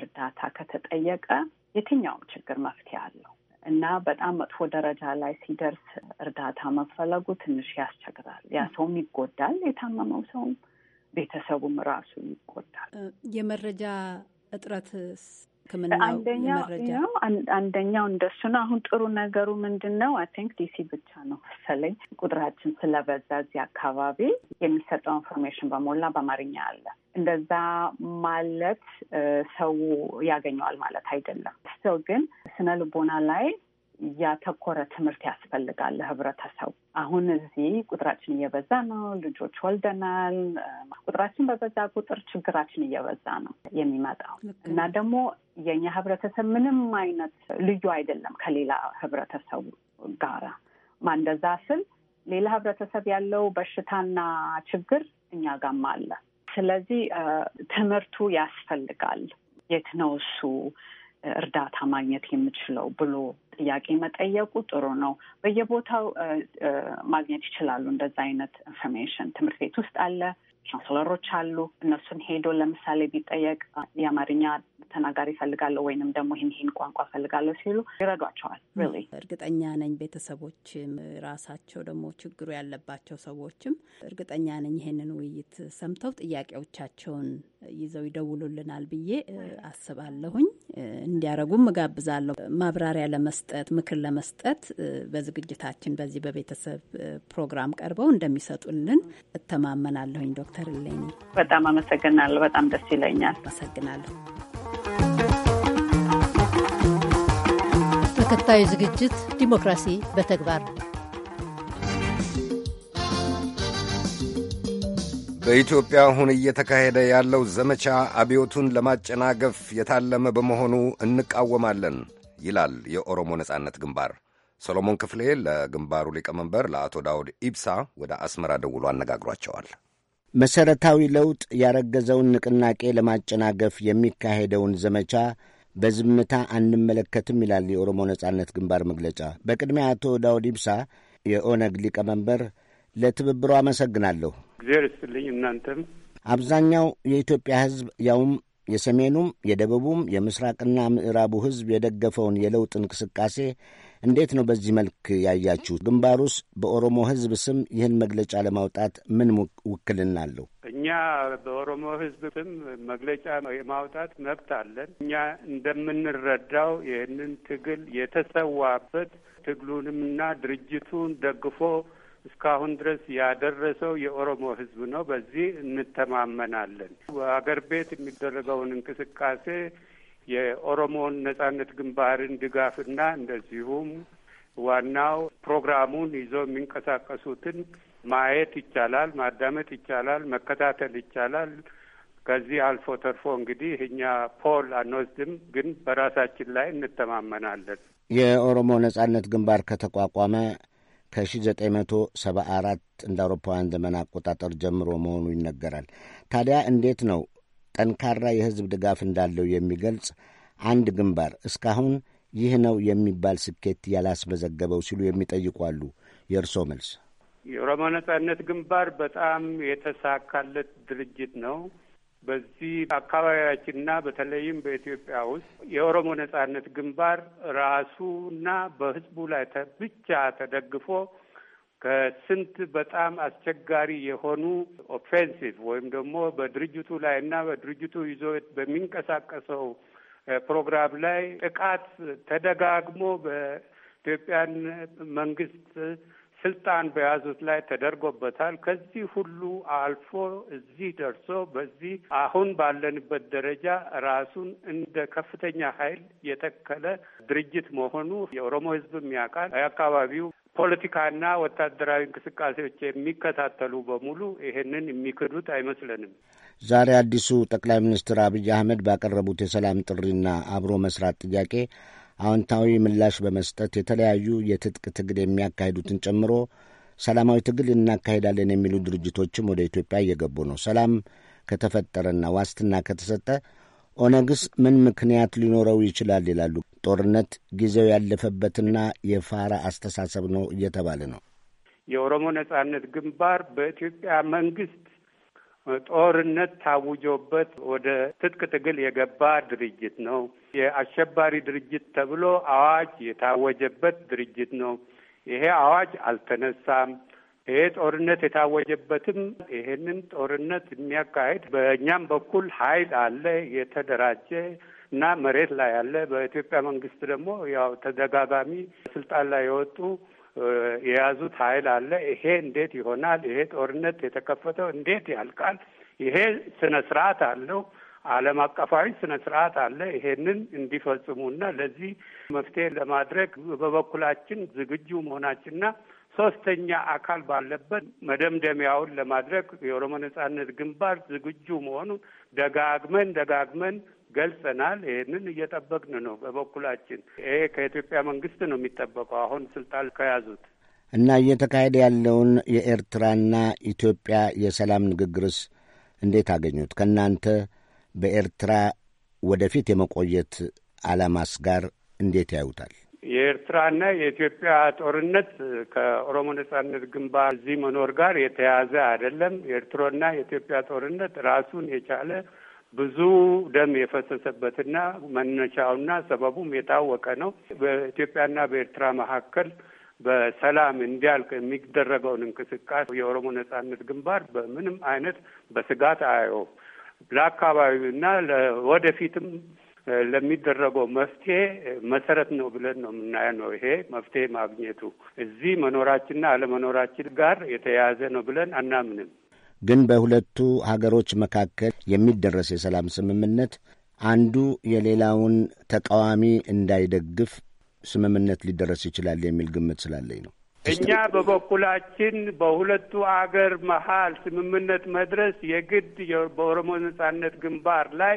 እርዳታ ከተጠየቀ የትኛውም ችግር መፍትሄ አለው እና በጣም መጥፎ ደረጃ ላይ ሲደርስ እርዳታ መፈለጉ ትንሽ ያስቸግራል። ያ ሰውም ይጎዳል፣ የታመመው ሰውም ቤተሰቡም ራሱ ይጎዳል። የመረጃ እጥረት አንደኛው አንደኛው እንደሱ ነው። አሁን ጥሩ ነገሩ ምንድን ነው? አይ ቲንክ ዲሲ ብቻ ነው መሰለኝ ቁጥራችን ስለበዛ እዚህ አካባቢ የሚሰጠው ኢንፎርሜሽን በሞላ በአማርኛ አለ። እንደዛ ማለት ሰው ያገኘዋል ማለት አይደለም። ሰው ግን ስነ ልቦና ላይ ያተኮረ ትምህርት ያስፈልጋል ለህብረተሰቡ። አሁን እዚህ ቁጥራችን እየበዛ ነው፣ ልጆች ወልደናል። ቁጥራችን በበዛ ቁጥር ችግራችን እየበዛ ነው የሚመጣው እና ደግሞ የኛ ህብረተሰብ ምንም አይነት ልዩ አይደለም ከሌላ ህብረተሰቡ ጋራ ማንደዛ ስል ሌላ ህብረተሰብ ያለው በሽታና ችግር እኛ ጋም አለ። ስለዚህ ትምህርቱ ያስፈልጋል። የት ነው እሱ እርዳታ ማግኘት የምችለው ብሎ ጥያቄ መጠየቁ ጥሩ ነው። በየቦታው ማግኘት ይችላሉ። እንደዛ አይነት ኢንፎርሜሽን ትምህርት ቤት ውስጥ አለ፣ ቻንስለሮች አሉ። እነሱን ሄዶ ለምሳሌ ቢጠየቅ የአማርኛ ተናጋሪ ፈልጋለሁ ወይንም ደግሞ ይህን ይህን ቋንቋ ፈልጋለሁ ሲሉ ይረዷቸዋል። እርግጠኛ ነኝ ቤተሰቦችም ራሳቸው ደግሞ ችግሩ ያለባቸው ሰዎችም እርግጠኛ ነኝ ይህንን ውይይት ሰምተው ጥያቄዎቻቸውን ይዘው ይደውሉልናል ብዬ አስባለሁኝ። እንዲያረጉም እጋብዛለሁ። ማብራሪያ ለመስጠት ምክር ለመስጠት በዝግጅታችን በዚህ በቤተሰብ ፕሮግራም ቀርበው እንደሚሰጡልን እተማመናለሁኝ ዶክተር ዶክተርልኝ በጣም አመሰግናለሁ። በጣም ደስ ይለኛል። አመሰግናለሁ። ተከታዩ ዝግጅት ዲሞክራሲ በተግባር በኢትዮጵያ አሁን እየተካሄደ ያለው ዘመቻ አብዮቱን ለማጨናገፍ የታለመ በመሆኑ እንቃወማለን ይላል የኦሮሞ ነጻነት ግንባር። ሰሎሞን ክፍሌ ለግንባሩ ሊቀመንበር ለአቶ ዳውድ ኢብሳ ወደ አስመራ ደውሎ አነጋግሯቸዋል። መሠረታዊ ለውጥ ያረገዘውን ንቅናቄ ለማጨናገፍ የሚካሄደውን ዘመቻ በዝምታ አንመለከትም ይላል የኦሮሞ ነጻነት ግንባር መግለጫ። በቅድሚያ አቶ ዳውድ ኢብሳ የኦነግ ሊቀመንበር ለትብብሩ አመሰግናለሁ። እግዚአብሔር ይስጥልኝ። እናንተም አብዛኛው የኢትዮጵያ ሕዝብ ያውም የሰሜኑም የደቡቡም የምስራቅና ምዕራቡ ሕዝብ የደገፈውን የለውጥ እንቅስቃሴ እንዴት ነው በዚህ መልክ ያያችሁ? ግንባሩስ በኦሮሞ ህዝብ ስም ይህን መግለጫ ለማውጣት ምን ውክልና አለው? እኛ በኦሮሞ ህዝብ ስም መግለጫ የማውጣት መብት አለን። እኛ እንደምንረዳው ይህንን ትግል የተሰዋበት ትግሉንምና ድርጅቱን ደግፎ እስካሁን ድረስ ያደረሰው የኦሮሞ ህዝብ ነው። በዚህ እንተማመናለን። አገር ቤት የሚደረገውን እንቅስቃሴ የኦሮሞን ነጻነት ግንባርን ድጋፍና እንደዚሁም ዋናው ፕሮግራሙን ይዞ የሚንቀሳቀሱትን ማየት ይቻላል፣ ማዳመጥ ይቻላል፣ መከታተል ይቻላል። ከዚህ አልፎ ተርፎ እንግዲህ እኛ ፖል አንወስድም፣ ግን በራሳችን ላይ እንተማመናለን። የኦሮሞ ነጻነት ግንባር ከተቋቋመ ከ1974 እንደ አውሮፓውያን ዘመን አቆጣጠር ጀምሮ መሆኑ ይነገራል። ታዲያ እንዴት ነው ጠንካራ የሕዝብ ድጋፍ እንዳለው የሚገልጽ አንድ ግንባር እስካሁን ይህ ነው የሚባል ስኬት ያላስመዘገበው ሲሉ የሚጠይቋሉ የእርሶ መልስ? የኦሮሞ ነጻነት ግንባር በጣም የተሳካለት ድርጅት ነው። በዚህ አካባቢያችንና በተለይም በኢትዮጵያ ውስጥ የኦሮሞ ነጻነት ግንባር ራሱና በህዝቡ ላይ ብቻ ተደግፎ ከስንት በጣም አስቸጋሪ የሆኑ ኦፌንሲቭ ወይም ደግሞ በድርጅቱ ላይ እና በድርጅቱ ይዞ በሚንቀሳቀሰው ፕሮግራም ላይ ጥቃት ተደጋግሞ በኢትዮጵያን መንግስት ስልጣን በያዙት ላይ ተደርጎበታል። ከዚህ ሁሉ አልፎ እዚህ ደርሶ በዚህ አሁን ባለንበት ደረጃ ራሱን እንደ ከፍተኛ ኃይል የተከለ ድርጅት መሆኑ የኦሮሞ ሕዝብም ያውቃል። የአካባቢው ፖለቲካና ወታደራዊ እንቅስቃሴዎች የሚከታተሉ በሙሉ ይሄንን የሚክዱት አይመስለንም። ዛሬ አዲሱ ጠቅላይ ሚኒስትር አብይ አህመድ ባቀረቡት የሰላም ጥሪና አብሮ መስራት ጥያቄ አዎንታዊ ምላሽ በመስጠት የተለያዩ የትጥቅ ትግል የሚያካሂዱትን ጨምሮ ሰላማዊ ትግል እናካሄዳለን የሚሉ ድርጅቶችም ወደ ኢትዮጵያ እየገቡ ነው። ሰላም ከተፈጠረና ዋስትና ከተሰጠ ኦነግስ ምን ምክንያት ሊኖረው ይችላል ይላሉ ጦርነት ጊዜው ያለፈበትና የፋራ አስተሳሰብ ነው እየተባለ ነው። የኦሮሞ ነጻነት ግንባር በኢትዮጵያ መንግስት ጦርነት ታውጆበት ወደ ትጥቅ ትግል የገባ ድርጅት ነው። የአሸባሪ ድርጅት ተብሎ አዋጅ የታወጀበት ድርጅት ነው። ይሄ አዋጅ አልተነሳም። ይሄ ጦርነት የታወጀበትም ይሄንን ጦርነት የሚያካሄድ በእኛም በኩል ኃይል አለ የተደራጀ እና መሬት ላይ ያለ በኢትዮጵያ መንግስት ደግሞ ያው ተደጋጋሚ ስልጣን ላይ የወጡ የያዙት ኃይል አለ። ይሄ እንዴት ይሆናል? ይሄ ጦርነት የተከፈተው እንዴት ያልቃል? ይሄ ስነ ስርዓት አለው፣ ዓለም አቀፋዊ ስነ ስርዓት አለ። ይሄንን እንዲፈጽሙና ለዚህ መፍትሄ ለማድረግ በበኩላችን ዝግጁ መሆናችንና ሶስተኛ አካል ባለበት መደምደሚያውን ለማድረግ የኦሮሞ ነጻነት ግንባር ዝግጁ መሆኑን ደጋግመን ደጋግመን ገልጸናል። ይህንን እየጠበቅን ነው። በበኩላችን ይሄ ከኢትዮጵያ መንግስት ነው የሚጠበቀው አሁን ስልጣን ከያዙት እና እየተካሄደ ያለውን የኤርትራና ኢትዮጵያ የሰላም ንግግርስ እንዴት አገኙት? ከእናንተ በኤርትራ ወደፊት የመቆየት አላማስ ጋር እንዴት ያዩታል? የኤርትራና የኢትዮጵያ ጦርነት ከኦሮሞ ነጻነት ግንባር እዚህ መኖር ጋር የተያያዘ አይደለም። የኤርትራና የኢትዮጵያ ጦርነት ራሱን የቻለ ብዙ ደም የፈሰሰበትና መነሻውና ሰበቡም የታወቀ ነው። በኢትዮጵያና በኤርትራ መካከል በሰላም እንዲያልቅ የሚደረገውን እንቅስቃሴ የኦሮሞ ነጻነት ግንባር በምንም አይነት በስጋት አየው። ለአካባቢውና ለወደፊትም ለሚደረገው መፍትሄ መሰረት ነው ብለን ነው የምናየው። ነው ይሄ መፍትሄ ማግኘቱ እዚህ መኖራችንና አለመኖራችን ጋር የተያያዘ ነው ብለን አናምንም። ግን በሁለቱ ሀገሮች መካከል የሚደረስ የሰላም ስምምነት አንዱ የሌላውን ተቃዋሚ እንዳይደግፍ ስምምነት ሊደረስ ይችላል የሚል ግምት ስላለኝ ነው። እኛ በበኩላችን በሁለቱ አገር መሀል ስምምነት መድረስ የግድ በኦሮሞ ነጻነት ግንባር ላይ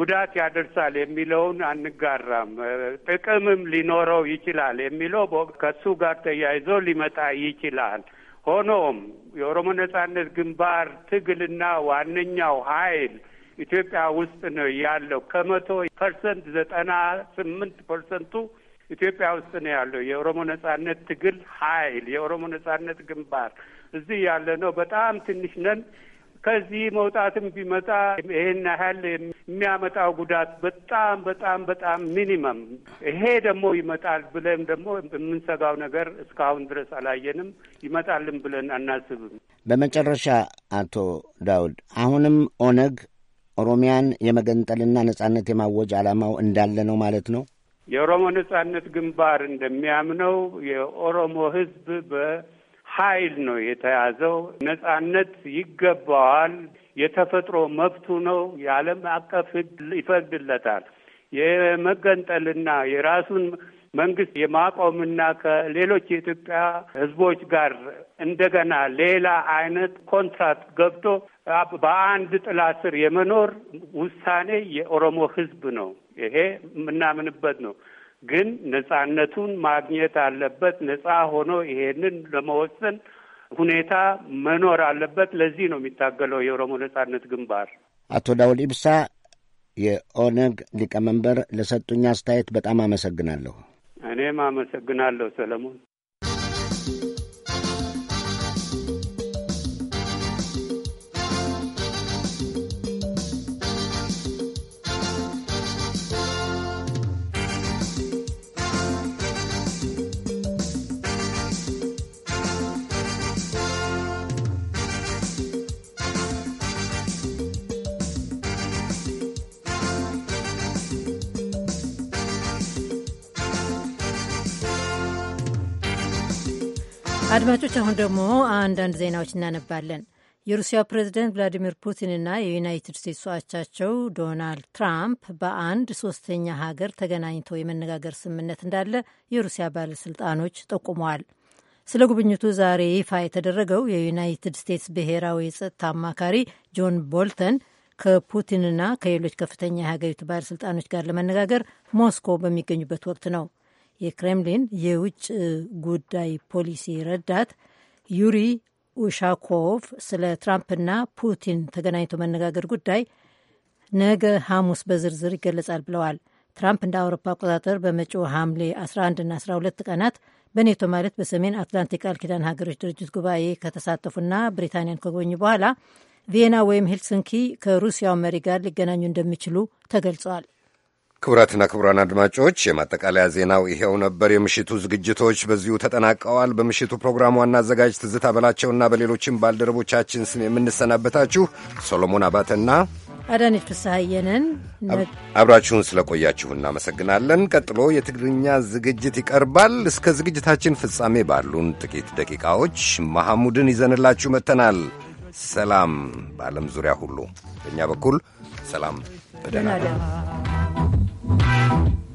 ጉዳት ያደርሳል የሚለውን አንጋራም። ጥቅምም ሊኖረው ይችላል የሚለው ከሱ ጋር ተያይዞ ሊመጣ ይችላል። ሆኖም የኦሮሞ ነጻነት ግንባር ትግልና ዋነኛው ኃይል ኢትዮጵያ ውስጥ ነው ያለው። ከመቶ ፐርሰንት ዘጠና ስምንት ፐርሰንቱ ኢትዮጵያ ውስጥ ነው ያለው የኦሮሞ ነጻነት ትግል ኃይል የኦሮሞ ነጻነት ግንባር። እዚህ ያለ ነው በጣም ትንሽ ነን። ከዚህ መውጣትም ቢመጣ ይሄን ያህል የሚያመጣው ጉዳት በጣም በጣም በጣም ሚኒመም፣ ይሄ ደግሞ ይመጣል ብለን ደግሞ የምንሰጋው ነገር እስካሁን ድረስ አላየንም። ይመጣልን ብለን አናስብም። በመጨረሻ አቶ ዳውድ አሁንም ኦነግ ኦሮሚያን የመገንጠልና ነጻነት የማወጅ ዓላማው እንዳለ ነው ማለት ነው። የኦሮሞ ነጻነት ግንባር እንደሚያምነው የኦሮሞ ሕዝብ በ ኃይል ነው የተያዘው። ነጻነት ይገባዋል፣ የተፈጥሮ መብቱ ነው፣ የዓለም አቀፍ ሕግ ይፈቅድለታል። የመገንጠልና የራሱን መንግስት የማቆምና ከሌሎች የኢትዮጵያ ህዝቦች ጋር እንደገና ሌላ አይነት ኮንትራክት ገብቶ በአንድ ጥላ ስር የመኖር ውሳኔ የኦሮሞ ህዝብ ነው። ይሄ የምናምንበት ነው። ግን ነጻነቱን ማግኘት አለበት። ነጻ ሆኖ ይሄንን ለመወሰን ሁኔታ መኖር አለበት። ለዚህ ነው የሚታገለው የኦሮሞ ነጻነት ግንባር። አቶ ዳውድ ኢብሳ የኦነግ ሊቀመንበር ለሰጡኝ አስተያየት በጣም አመሰግናለሁ። እኔም አመሰግናለሁ ሰለሞን። አድማጮች፣ አሁን ደግሞ አንዳንድ ዜናዎች እናነባለን። የሩሲያ ፕሬዝደንት ቭላዲሚር ፑቲንና የዩናይትድ ስቴትስ አቻቸው ዶናልድ ትራምፕ በአንድ ሶስተኛ ሀገር ተገናኝተው የመነጋገር ስምምነት እንዳለ የሩሲያ ባለስልጣኖች ጠቁመዋል። ስለ ጉብኝቱ ዛሬ ይፋ የተደረገው የዩናይትድ ስቴትስ ብሔራዊ የጸጥታ አማካሪ ጆን ቦልተን ከፑቲንና ከሌሎች ከፍተኛ የሀገሪቱ ባለስልጣኖች ጋር ለመነጋገር ሞስኮ በሚገኙበት ወቅት ነው። የክሬምሊን የውጭ ጉዳይ ፖሊሲ ረዳት ዩሪ ኡሻኮቭ ስለ ትራምፕና ፑቲን ተገናኝቶ መነጋገር ጉዳይ ነገ ሐሙስ በዝርዝር ይገለጻል ብለዋል። ትራምፕ እንደ አውሮፓ አቆጣጠር በመጪው ሐምሌ 11ና 12 ቀናት በኔቶ ማለት በሰሜን አትላንቲክ ቃል ኪዳን ሀገሮች ድርጅት ጉባኤ ከተሳተፉና ብሪታንያን ከጎኙ በኋላ ቪየና ወይም ሄልሲንኪ ከሩሲያው መሪ ጋር ሊገናኙ እንደሚችሉ ተገልጿል። ክቡራትና ክቡራን አድማጮች የማጠቃለያ ዜናው ይኸው ነበር። የምሽቱ ዝግጅቶች በዚሁ ተጠናቀዋል። በምሽቱ ፕሮግራም ዋና አዘጋጅ ትዝታ በላቸውና በሌሎችም ባልደረቦቻችን ስም የምንሰናበታችሁ ሶሎሞን አባተና አዳነች ፍስሐየንን አብራችሁን ስለቆያችሁ እናመሰግናለን። ቀጥሎ የትግርኛ ዝግጅት ይቀርባል። እስከ ዝግጅታችን ፍጻሜ ባሉን ጥቂት ደቂቃዎች መሐሙድን ይዘንላችሁ መጥተናል። ሰላም በዓለም ዙሪያ ሁሉ በእኛ በኩል ሰላም በደህና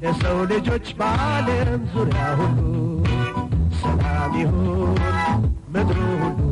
ለሰው ልጆች በዓለም ዙሪያ ሁሉ ሰላም ይሁን ምድሩ ሁሉ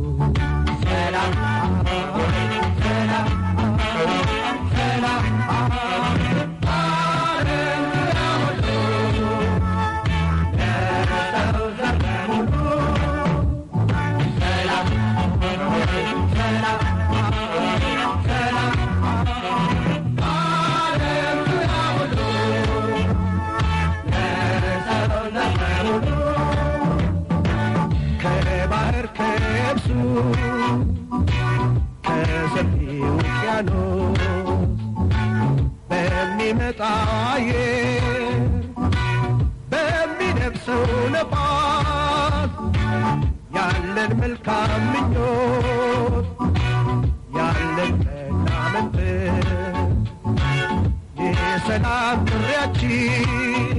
መልካም ምኞት ያለን መናመንት የሰላም ጥሪያችን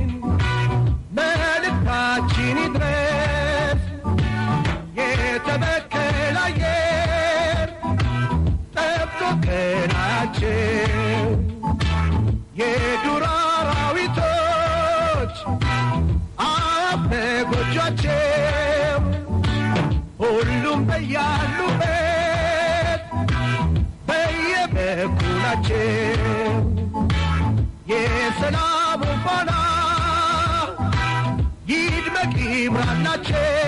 care.